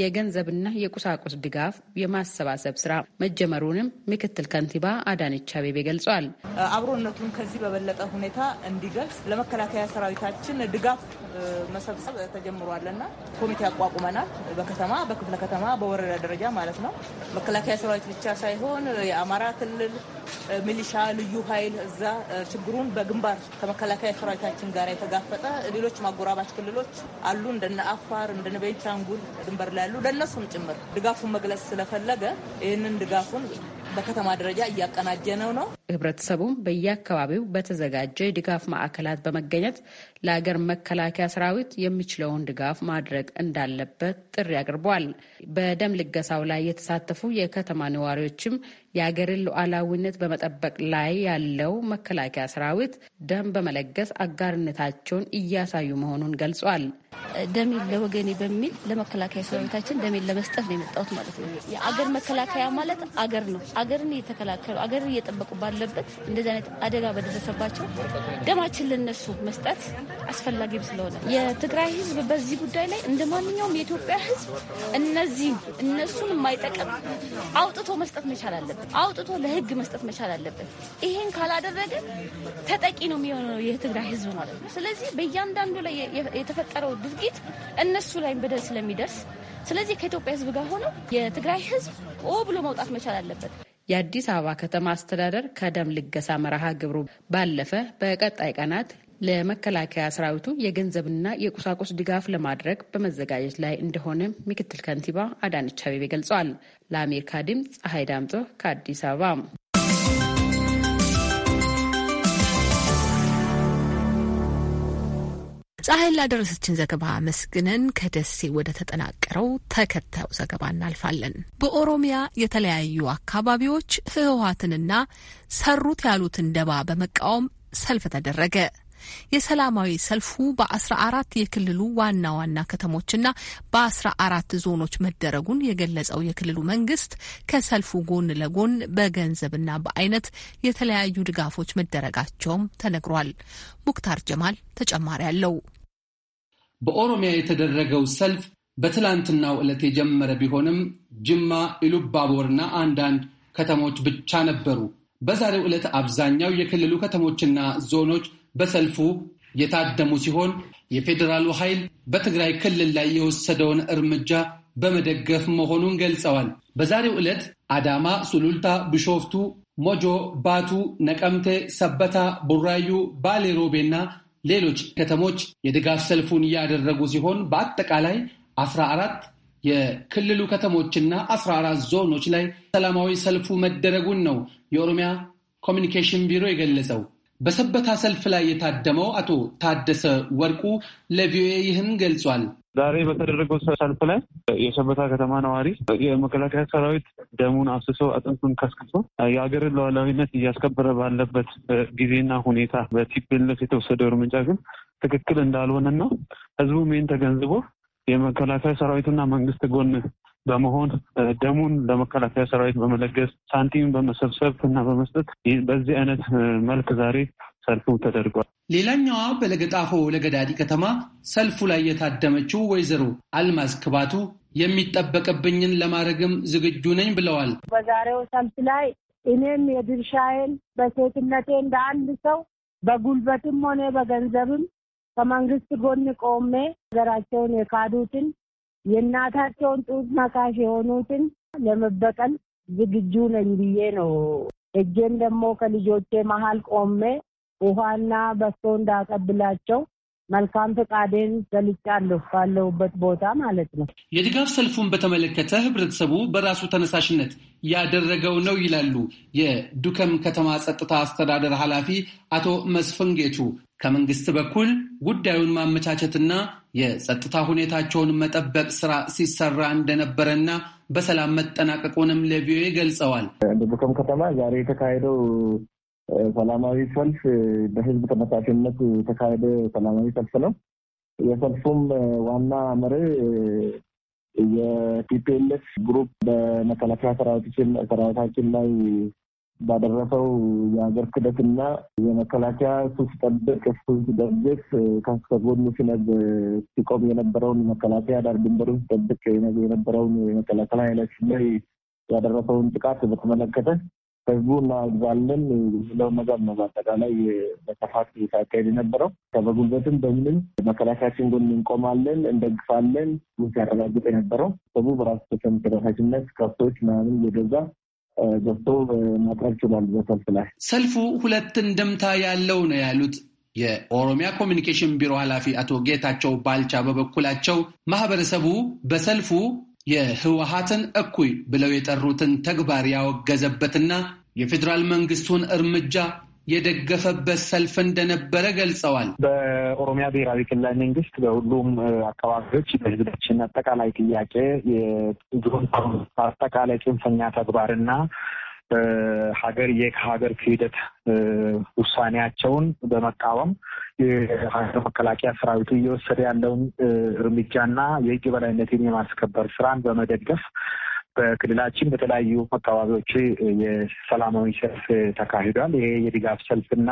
የገንዘብና የቁሳቁስ ድጋፍ የማሰባሰብ ስራ መጀመሩንም ምክትል ከንቲባ አዳነች አቤቤ ገልጿል። አብሮነቱን ከዚህ በበለጠ ሁኔታ እንዲገልጽ ለመከላከያ ሰራዊታችን ድጋፍ መሰብሰብ ተጀምሯልና ኮሚቴ አቋቁመናል። በከተማ በክፍለ ከተማ በወረዳ ደረጃ ማለት ነው። መከላከያ ሰራዊት ብቻ ሳይሆን የአማራ ክልል ሚሊሻ፣ ልዩ ኃይል እዛ ችግሩን በግንባር ከመከላከያ ሰራዊታችን ጋር የተጋፈጠ ሌሎች ማጎራባች ክልሎች አሉ እንደነ አፋር እንደነ ቤንቻንጉል ድንበር ላይ ያሉ ለነሱም ጭምር ድጋፉን መግለጽ ስለፈለገ ይህንን ድጋፉን በከተማ ደረጃ እያቀናጀነው ነው። ህብረተሰቡም በየአካባቢው በተዘጋጀ የድጋፍ ማዕከላት በመገኘት ለሀገር መከላከያ ሰራዊት የሚችለውን ድጋፍ ማድረግ እንዳለበት ጥሪ አቅርበዋል። በደም ልገሳው ላይ የተሳተፉ የከተማ ነዋሪዎችም የሀገርን ሉዓላዊነት በመጠበቅ ላይ ያለው መከላከያ ሰራዊት ደም በመለገስ አጋርነታቸውን እያሳዩ መሆኑን ገልጿል። ደሜን ለወገኔ በሚል ለመከላከያ ሰራዊታችን ደሜን ለመስጠት ነው የመጣሁት ማለት ነው። የአገር መከላከያ ማለት አገር ነው። አገርን እየተከላከሉ አገርን እየጠበቁ ባለበት እንደዚህ አይነት አደጋ በደረሰባቸው ደማችን ለነሱ መስጠት አስፈላጊም ስለሆነ የትግራይ ሕዝብ በዚህ ጉዳይ ላይ እንደ ማንኛውም የኢትዮጵያ ሕዝብ እነዚህ እነሱን የማይጠቅም አውጥቶ መስጠት መቻል አለበት። አውጥቶ ለሕግ መስጠት መቻል አለበት። ይሄን ካላደረገ ተጠቂ ነው የሚሆነው የትግራይ ሕዝብ ማለት ነው። ስለዚህ በእያንዳንዱ ላይ የተፈጠረው ድርጊት እነሱ ላይ በደል ስለሚደርስ ስለዚህ ከኢትዮጵያ ህዝብ ጋር ሆነው የትግራይ ህዝብ ኦ ብሎ መውጣት መቻል አለበት። የአዲስ አበባ ከተማ አስተዳደር ከደም ልገሳ መርሃ ግብሩ ባለፈ በቀጣይ ቀናት ለመከላከያ ሰራዊቱ የገንዘብና የቁሳቁስ ድጋፍ ለማድረግ በመዘጋጀት ላይ እንደሆነ ምክትል ከንቲባ አዳነች አቤቤ ገልጸዋል። ለአሜሪካ ድምፅ ፀሐይ ዳምጦ ከአዲስ አበባ ፀሐይን ላደረሰችን ዘገባ አመስግነን ከደሴ ወደ ተጠናቀረው ተከታዩ ዘገባ እናልፋለን። በኦሮሚያ የተለያዩ አካባቢዎች ህወሀትንና ሰሩት ያሉትን ደባ በመቃወም ሰልፍ ተደረገ። የሰላማዊ ሰልፉ በአስራ አራት የክልሉ ዋና ዋና ከተሞችና በአስራ አራት ዞኖች መደረጉን የገለጸው የክልሉ መንግስት ከሰልፉ ጎን ለጎን በገንዘብና በአይነት የተለያዩ ድጋፎች መደረጋቸውም ተነግሯል። ሙክታር ጀማል ተጨማሪ አለው። በኦሮሚያ የተደረገው ሰልፍ በትላንትናው ዕለት የጀመረ ቢሆንም ጅማ፣ ኢሉባቦርና አንዳንድ ከተሞች ብቻ ነበሩ። በዛሬው ዕለት አብዛኛው የክልሉ ከተሞችና ዞኖች በሰልፉ የታደሙ ሲሆን የፌዴራሉ ኃይል በትግራይ ክልል ላይ የወሰደውን እርምጃ በመደገፍ መሆኑን ገልጸዋል። በዛሬው ዕለት አዳማ፣ ሱሉልታ፣ ቢሾፍቱ፣ ሞጆ፣ ባቱ፣ ነቀምቴ፣ ሰበታ፣ ቡራዩ፣ ባሌ ሮቤና ሌሎች ከተሞች የድጋፍ ሰልፉን እያደረጉ ሲሆን በአጠቃላይ 14 የክልሉ ከተሞችና 14 ዞኖች ላይ ሰላማዊ ሰልፉ መደረጉን ነው የኦሮሚያ ኮሚኒኬሽን ቢሮ የገለጸው። በሰበታ ሰልፍ ላይ የታደመው አቶ ታደሰ ወርቁ ለቪኦኤ ይህን ገልጿል። ዛሬ በተደረገው ሰልፍ ላይ የሰበታ ከተማ ነዋሪ የመከላከያ ሰራዊት ደሙን አፍስሶ አጥንቱን ከስክሶ የሀገርን ሉዓላዊነት እያስከበረ ባለበት ጊዜና ሁኔታ በቲፕልፍ የተወሰደው እርምጃ ግን ትክክል እንዳልሆነና ህዝቡ ይህን ተገንዝቦ የመከላከያ ሰራዊትና መንግስት ጎን በመሆን ደሙን ለመከላከያ ሰራዊት በመለገስ ሳንቲም በመሰብሰብ እና በመስጠት በዚህ አይነት መልክ ዛሬ ሰልፉ ተደርጓል። ሌላኛዋ በለገጣፎ ለገዳዲ ከተማ ሰልፉ ላይ የታደመችው ወይዘሮ አልማዝ ክባቱ የሚጠበቅብኝን ለማድረግም ዝግጁ ነኝ ብለዋል። በዛሬው ሰልፍ ላይ እኔም የድርሻዬን በሴትነቴ እንደ አንድ ሰው በጉልበትም ሆነ በገንዘብም ከመንግስት ጎን ቆሜ ሀገራቸውን የካዱትን የእናታቸውን ጡት መካሽ የሆኑትን ለመበቀል ዝግጁ ነኝ ብዬ ነው እጄም ደግሞ ከልጆቼ መሀል ቆሜ ውሃና በሶ እንዳቀብላቸው መልካም ፈቃዴን ገልጫለሁ ባለሁበት ቦታ ማለት ነው። የድጋፍ ሰልፉን በተመለከተ ህብረተሰቡ በራሱ ተነሳሽነት ያደረገው ነው ይላሉ የዱከም ከተማ ጸጥታ አስተዳደር ኃላፊ አቶ መስፍን ከመንግስት በኩል ጉዳዩን ማመቻቸትና የጸጥታ ሁኔታቸውን መጠበቅ ስራ ሲሰራ እንደነበረና በሰላም መጠናቀቁንም ለቪኦኤ ገልጸዋል። ዱከም ከተማ ዛሬ የተካሄደው ሰላማዊ ሰልፍ በህዝብ ተነሳሽነት የተካሄደ ሰላማዊ ሰልፍ ነው። የሰልፉም ዋና መሪ የቲፒኤልኤፍ ግሩፕ በመከላከያ ሰራዊታችን ሰራዊታችን ላይ ባደረሰው የሀገር ክደትና የመከላከያ ሱስ ጠብቅ ሱስ ሲደግፍ ከጎኑ ሲነብ ሲቆም የነበረውን መከላከያ ዳር ድንበሩን ሲጠብቅ የነበረውን የመከላከል ኃይላችን ላይ ያደረሰውን ጥቃት በተመለከተ ህዝቡ እናግባለን ብለው ነገር ነው። በአጠቃላይ በሰፋት ሳካሄድ የነበረው በጉልበትም በምንም መከላከያችን ጎን እንቆማለን፣ እንደግፋለን ሲያረጋግጥ የነበረው ህዝቡ በራሱ ተሰም ተደራሽነት ከብቶች ምናምን እየገዛ ገብቶ ማቅረብ ችሏል። በሰልፍ ላይ ሰልፉ ሁለት እንደምታ ያለው ነው ያሉት የኦሮሚያ ኮሚኒኬሽን ቢሮ ኃላፊ አቶ ጌታቸው ባልቻ በበኩላቸው ማህበረሰቡ በሰልፉ የህወሀትን እኩይ ብለው የጠሩትን ተግባር ያወገዘበትና የፌዴራል መንግስቱን እርምጃ የደገፈበት ሰልፍ እንደነበረ ገልጸዋል። በኦሮሚያ ብሔራዊ ክልላዊ መንግስት በሁሉም አካባቢዎች በህዝባችን አጠቃላይ ጥያቄ የዞን አጠቃላይ ጽንፈኛ ተግባርና ሀገር የሀገር ክህደት ውሳኔያቸውን በመቃወም የሀገር መከላከያ ሰራዊቱ እየወሰደ ያለውን እርምጃና የህግ በላይነትን የማስከበር ስራን በመደገፍ በክልላችን በተለያዩ አካባቢዎች የሰላማዊ ሰልፍ ተካሂዷል። ይሄ የድጋፍ ሰልፍ እና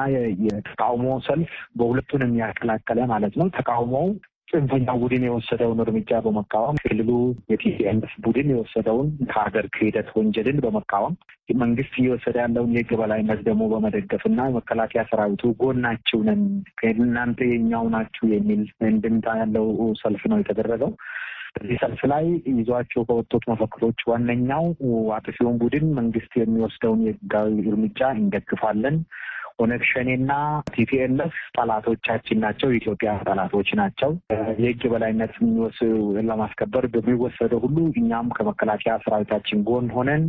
የተቃውሞ ሰልፍ በሁለቱን የሚያቀላቀለ ማለት ነው። ተቃውሞው ጽንፈኛው ቡድን የወሰደውን እርምጃ በመቃወም ክልሉ የቲፒኤልኤፍ ቡድን የወሰደውን ከሀገር ክህደት ወንጀልን በመቃወም መንግስት እየወሰደ ያለውን የህግ በላይነት ደግሞ በመደገፍ እና መከላከያ ሰራዊቱ ጎናችሁ ነን፣ እናንተ የኛው ናችሁ የሚል እንድምታ ያለው ሰልፍ ነው የተደረገው። በዚህ ሰልፍ ላይ ይዟቸው ከወጡት መፈክሮች ዋነኛው አጥፊውን ቡድን መንግስት የሚወስደውን የህጋዊ እርምጃ እንደግፋለን ኦነግ ሸኔና ቲፒኤልኤፍ ጠላቶቻችን ናቸው። የኢትዮጵያ ጠላቶች ናቸው። የህግ የበላይነት ለማስከበር በሚወሰደው ሁሉ እኛም ከመከላከያ ሰራዊታችን ጎን ሆነን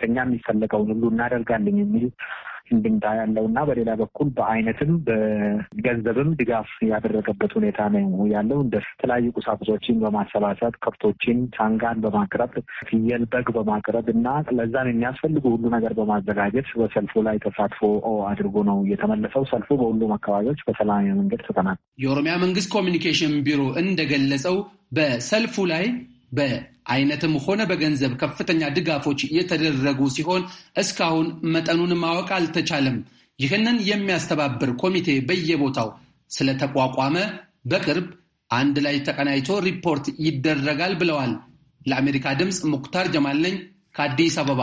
ከኛ የሚፈለገውን ሁሉ እናደርጋለን የሚል እንድምታ ያለው እና በሌላ በኩል በአይነትም በገንዘብም ድጋፍ ያደረገበት ሁኔታ ነው ያለው። እንደ ተለያዩ ቁሳቁሶችን በማሰባሰብ ከብቶችን፣ ሳንጋን በማቅረብ ፍየል፣ በግ በማቅረብ እና ለዛን የሚያስፈልጉ ሁሉ ነገር በማዘጋጀት በሰልፉ ላይ ተሳትፎ አድርጎ ነው የተመለሰው። ሰልፉ በሁሉም አካባቢዎች በሰላማዊ መንገድ ተጠናል። የኦሮሚያ መንግስት ኮሚኒኬሽን ቢሮ እንደገለጸው በሰልፉ ላይ በአይነትም ሆነ በገንዘብ ከፍተኛ ድጋፎች የተደረጉ ሲሆን እስካሁን መጠኑን ማወቅ አልተቻለም። ይህንን የሚያስተባብር ኮሚቴ በየቦታው ስለተቋቋመ በቅርብ አንድ ላይ ተቀናይቶ ሪፖርት ይደረጋል ብለዋል። ለአሜሪካ ድምፅ ሙክታር ጀማል ነኝ ከአዲስ አበባ።